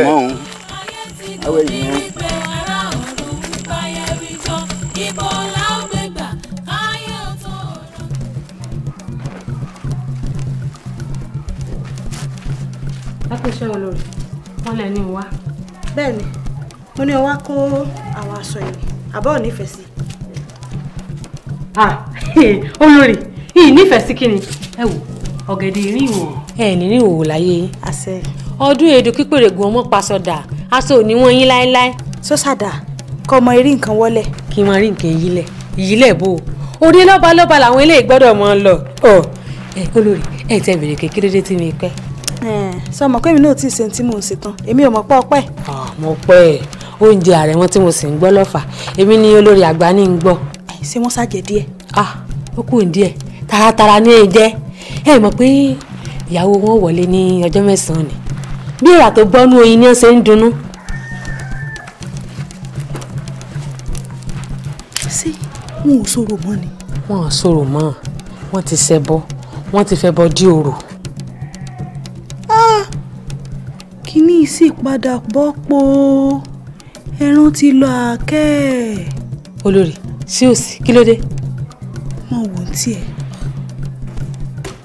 wọ́n lẹ wá bẹ́ẹ̀ ni mo ní ọwá kó àwọn aṣọ yìí àbọ̀ ò nífẹ̀ẹ́ sí. olórí yìí nífẹ̀ẹ́ sí kíni ẹ wò ọ̀gẹ̀dẹ̀ ìrìn ìwò. ẹ ní ní ìwòwò láyé ọdún èdè pípèrè gun ọmọ pasọdà aṣọ ò ní wọn yín láéláé. sọ́sàdà kọ́ ọmọ eré nǹkan wọlé. kí n máa rí nǹkan ìyílẹ̀ ìyílẹ̀ bò ó orí lọ́balọ́ba làwọn eléyìí gbọ́dọ̀ mọ́ ọ lọ. olórí ẹ̀ tẹ́ bèrè kékeré tí mi pẹ́ sọ mọ̀ pé èmi náà ti ṣe tí mò ń ṣe tán èmi ò mọ̀ pé ọpẹ́. mo pẹ́ ẹ̀ oúnjẹ ààrẹ wọn tí mo sì ń gbọ́ lọ́fà èmi ni olórí àgbà ní ń gbọ́. ṣé wọ́n ṣàjẹ́ díẹ̀. ah ó kù díẹ̀ taratara ní ẹ jẹ́ ẹ mọ̀ pé ìyàwó wọn wọlé ní ọjọ́ mẹ́sàn-án ni bí ìrà tó gbọ́nú oyin ni ó ṣe ń dunnú. ṣé wọn ò sọ̀rọ̀ mọ́ ni. wọn ò sọ̀rọ̀ mọ́ wọn ti ṣẹbọ wọn ti fẹbọ dí òrò. kínní sì padà bọ́pọ̀ ẹran ti lọ àákẹ́. olórí sí òsì kí ló dé. mo wò ó tiẹ̀.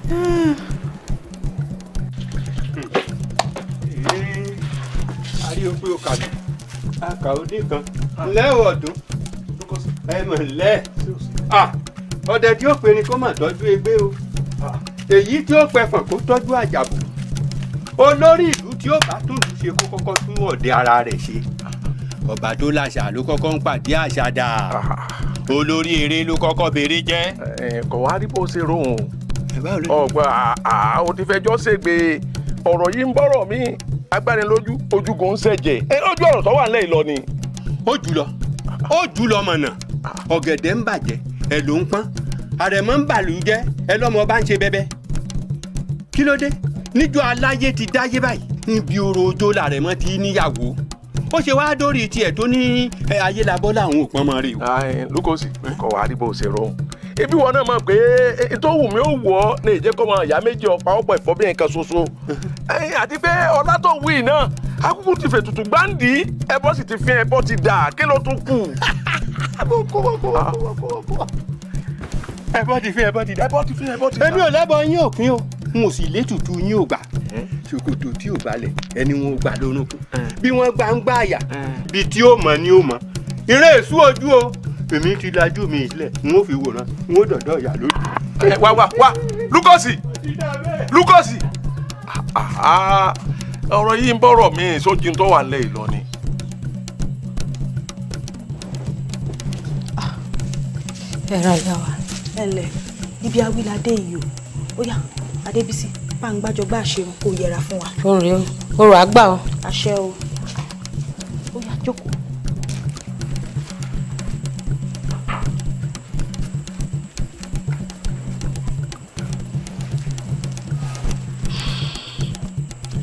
Hmm. àrí o pé o kà mí àkà òde kan lẹ́wọ̀ ọdún ẹ mọ̀ lẹ́ ọdẹ tí ó pe ni kó má tọ́jú egbé o èyí tí ó pẹ̀fọ̀n kó tọ́jú àjàbọ̀ olórí ìlú tí ó bá tún lù ṣe kó kọ́kọ́ tún ọ̀dẹ ara rẹ̀ ṣe ọba tó láṣà ló kọ́kọ́ ń pàdé àṣà dà olórí eré ló kọ́kọ́ béèrè jẹ́. kò wá rí bó ṣe rohùn ọgbà àwọn ti fẹjọ́ ṣègbè ọ̀rọ̀ yìí ń bọ̀rọ̀ mi agbánilójú ojúgun ń ṣẹ̀jẹ̀ ojú ọ̀rọ̀ tó wà nílẹ̀ ìlọ ni. ó jùlọ ó jùlọ mọ̀nà ọ̀gẹ̀dẹ̀ ń bàjẹ́ ẹ̀ ló ń pọ́n àrẹ̀mọ́ ń bàlù ẹ lọ́mọ bá ń ṣe bẹ́bẹ́ kí ló dé níjọ́ aláyé ti dáyé báyìí níbi oró ojó làrẹ̀mọ́ ti níyàwó ó ṣe wá dórí tiẹ̀ tó ní ayélabọ́ làwọn ò pọ́n mọ́ rí o. lukosi kọ wàá rí bó ṣe rọ ibi wọn náà mọ̀ pé tó wù mí ó wù ọ lè jẹ́ kó máa ìyá méjì ọ̀pá ọ̀pọ̀ ẹ̀fọ́ bí nǹkan ṣoṣo àti pé ọlá tó wù yìí náà akúkú ti fètùtù gbáǹdì ẹbọ sì ti fi ẹbọ ti dà kí ló tún kù. ẹbọ ti fi ẹbọ ti dà ẹbọ ti fi ẹbọ ti dà. èmi ò lẹ́bọ̀ yín òpin o n ò sì létùtù yín ò gbà ṣòkòtò tí ò balẹ̀ ẹni wọn ò gbà lórúkọ bí wọ́n gbà ń gbà àyà bí tí ó mọ̀ ni ó mọ̀ eré èsú ojú o èmi ti lajú mi ìlẹ̀ n ó fi wòran n ó dọ̀dọ̀ ìyá lójú. wá wá wá lúkọ́sì lúkọ́sì ọ̀rọ̀ yìí ń bọ̀rọ̀ mi sójú tó wà lẹ́yìn lọ ni. Ah. ẹ̀rọ ìyá wa ẹ̀lẹ́ ibi awíládé yìí o ó yá Adébísí pàǹgbájọ gbà ṣeun kò yẹra fún wa. o rè o o rò àgbà o. àṣẹ o ó yá jókòó.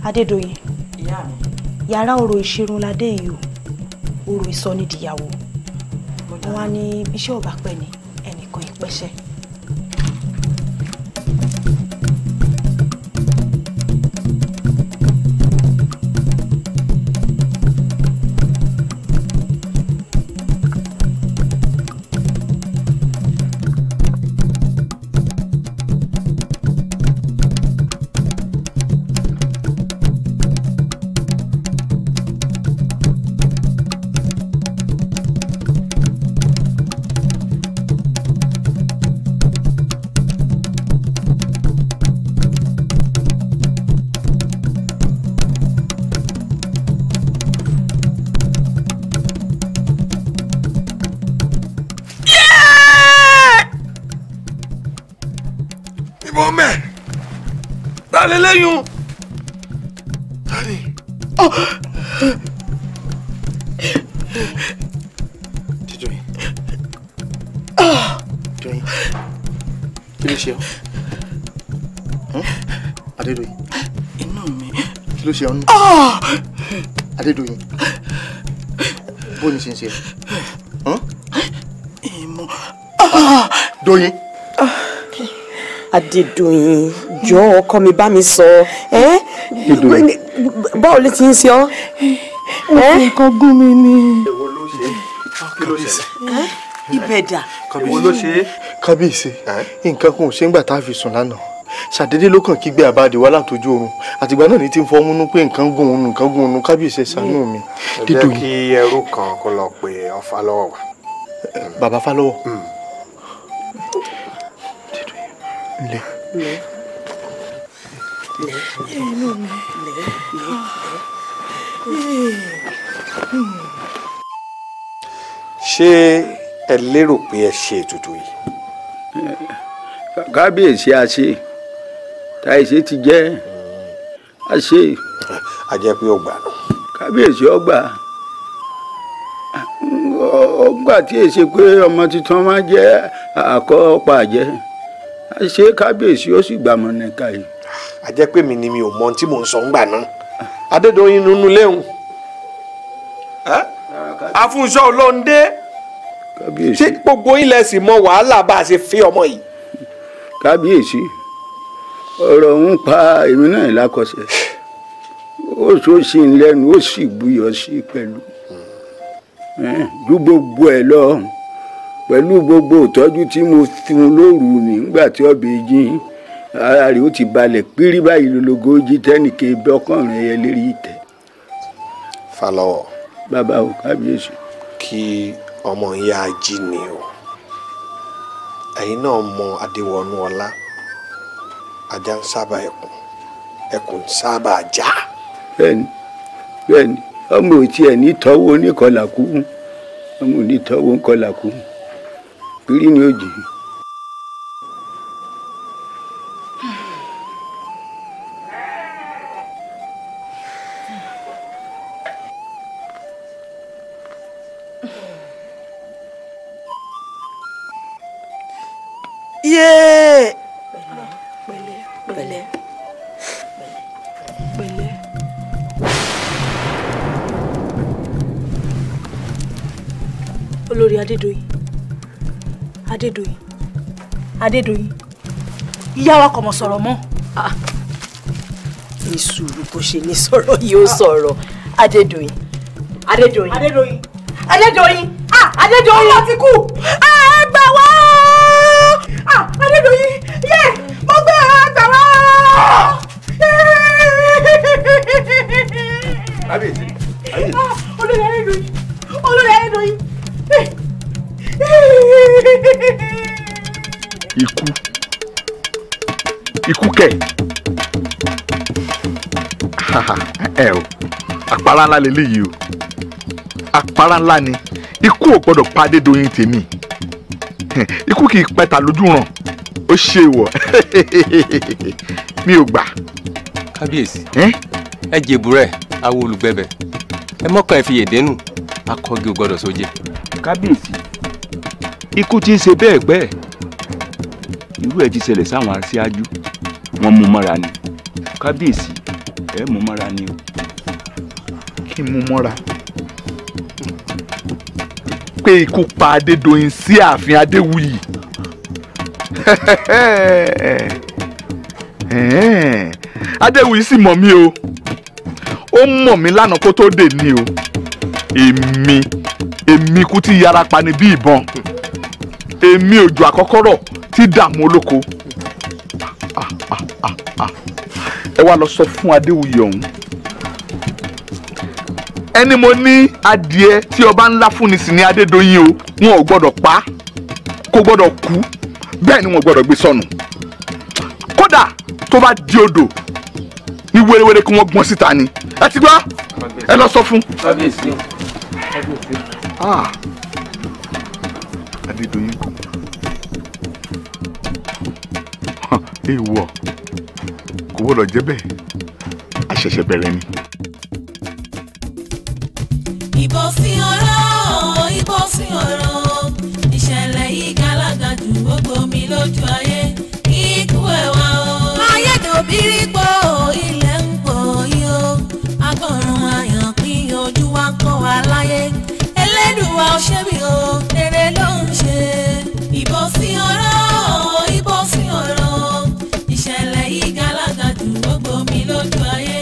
Adédoyin. ìyá mi. yàrá orò ìṣerun ládé yìí o orò ìsọnidìyàwó wọn á ní iṣẹ́ ò bá pẹ́ ẹnìkan ìpẹ́ṣẹ́. ṣe ọ́nú. Ah! Adédoyin bó ni ṣe ń ṣe ẹ. Ìmọ̀. Ah! Doyin. Ah! Adédoyin jọ ọkọ mi bá mi sọ ẹ báwo ló ti ń ṣe ọ. nǹkan gún mi ni. èwo ló ṣe kí ló ṣe. ibẹ̀ dà. èwo ló ṣe. kábíyèsí nǹkan kò ṣe ń gbà tá a fi sùn lánàá ṣàdédé ló kàn kígbe àbáde wá látọjú oorun àtìgbà náà ní ti ń fọmú nú pé nǹkan gùn ún nǹkan gùn ún kábíyèsí ṣàánú mi. ẹ jẹ́ kí ẹrú kan kó lọ pe ọ̀fàlọ́wọ̀ wá. bàbá Fálọ́wọ̀. ǹlẹ́ inú mi. ṣé ẹ lérò pé ẹ ṣe ètùtù yìí. kábíyèsí a ṣe. Si táìsì ti jẹ́ a ṣe. a jẹ́ pé ọgbà. kábíyèsí ọgbà tí èsì pé ọmọ tuntun máa jẹ́ àkọ́ ọ̀pá àjẹ́ a ṣe kábíyèsí sì mi ni mi ò mọ ohun tí mò ń sọ ńgbà náà adédọ̀yìn nínú olóńdé ṣé gbogbo ilẹ̀ wàhálà bá a ṣe ọmọ yìí. ọ̀rọ̀ ń pa èmi náà lákọsẹ̀ ó sọ sí i lẹ́nu ó sì buyọ̀ sí i pẹ̀lú ju gbogbo ẹ̀ lọ pẹ̀lú gbogbo ìtọ́jú tí mo fún lóru nígbà tí ọbẹ̀ yín ara rẹ̀ ó ti balẹ̀ pírí báyìí lológójì tẹ́nìkè bọ́kànrin ẹ̀yẹ lérí ìtẹ́. falọwọ. bàbá o kábíyèsí. kí ọmọ yẹn á jí ni o ẹ̀yin náà mọ adéwọnú ọlá ajá ń sábà ẹkùn ẹkùn ń sábà já. bẹ́ẹ̀ni bẹ́ẹ̀ni ọmọ òtí ẹ nítọwọ oníkọlà kú ọmọ onítọwọ ńkọlà kú pírí ni ó jì í. Adédoyin Adédoyin Adédoyin ìyá wa kò mọ̀ sọ̀rọ̀ mọ́. Ah, ní sùúrù bó ṣe ní sọ̀rọ̀ yóò sọ̀rọ̀ Adédoyin Adédoyin Adédoyin Adédoyin ah Adédoyin ó kú ah. ikú ikú kẹ̀ ẹ o àpárá ńlá lélẹ́yìí o àpárá ńlá ni ikú ò gbọ́dọ̀ pa Adédoyin tèmi ikú kì í pẹta lójú ràn ó ṣe wọ [laughs] mi ò gbà. kábíyèsí ẹ jèbúrẹ awo olùgbẹbẹ ẹ mọkàn ẹ fi yèdénù akọgi ò gbọ́dọ̀ sóje. kábíyèsí ikú ti ń ṣe bẹ́ẹ̀ bẹ́ẹ̀ irú ẹ̀ ti ṣẹlẹ̀ sáwọn aṣáájú wọ́n mú mọ́ra ni kábíyèsí ẹ̀ mú mọ́ra ni o. kí n mú mọ́ra pé ikú pa Adédoyin sí ààfin Adéwuyì [laughs] Adéwuyì sì mọ̀ mí o ó mọ̀ mí lánàá kó tó dé ni o èmi èmi kú ti yára pa ni bí ìbọn èmi òjò àkọ́kọ́rọ̀ tí dààmú olóko ẹ wá lọ sọ fún adéwuyè ọ̀hún ẹni mo ní adìẹ tí ọba ńlá fún ni sì ní adédọyìn o wọn ò gbọ́dọ̀ pa kò gbọ́dọ̀ kú bẹ́ẹ̀ ni wọn ò gbọ́dọ̀ gbé sọnù kódà tó bá di odò ní wéréwéré kí wọn gbọ́n síta ni ẹ ti gbọ́ ẹ lọ sọ fún. Ah! adédọyìn kò. dé ìwọ kò gbọdọ̀ jẹ́ bẹ́ẹ̀ a ṣẹ̀ṣẹ̀ bẹ̀rẹ̀ ni. ìbò sí ọ̀rọ̀ ìbò sí ọ̀rọ̀ ìṣẹ̀lẹ̀ yìí galaga jù gbogbo mi lójú ayé ikú ẹ̀ wá o. ayédòbírí pọ̀ ilẹ̀ ń pọ̀ yìí o agbọ̀ràn ojú wa kọ́ wa láyé ẹlẹ́dùn wa ó ṣẹ́bi o rere ló ń ṣe ìbò sí ọ̀rọ̀. me tu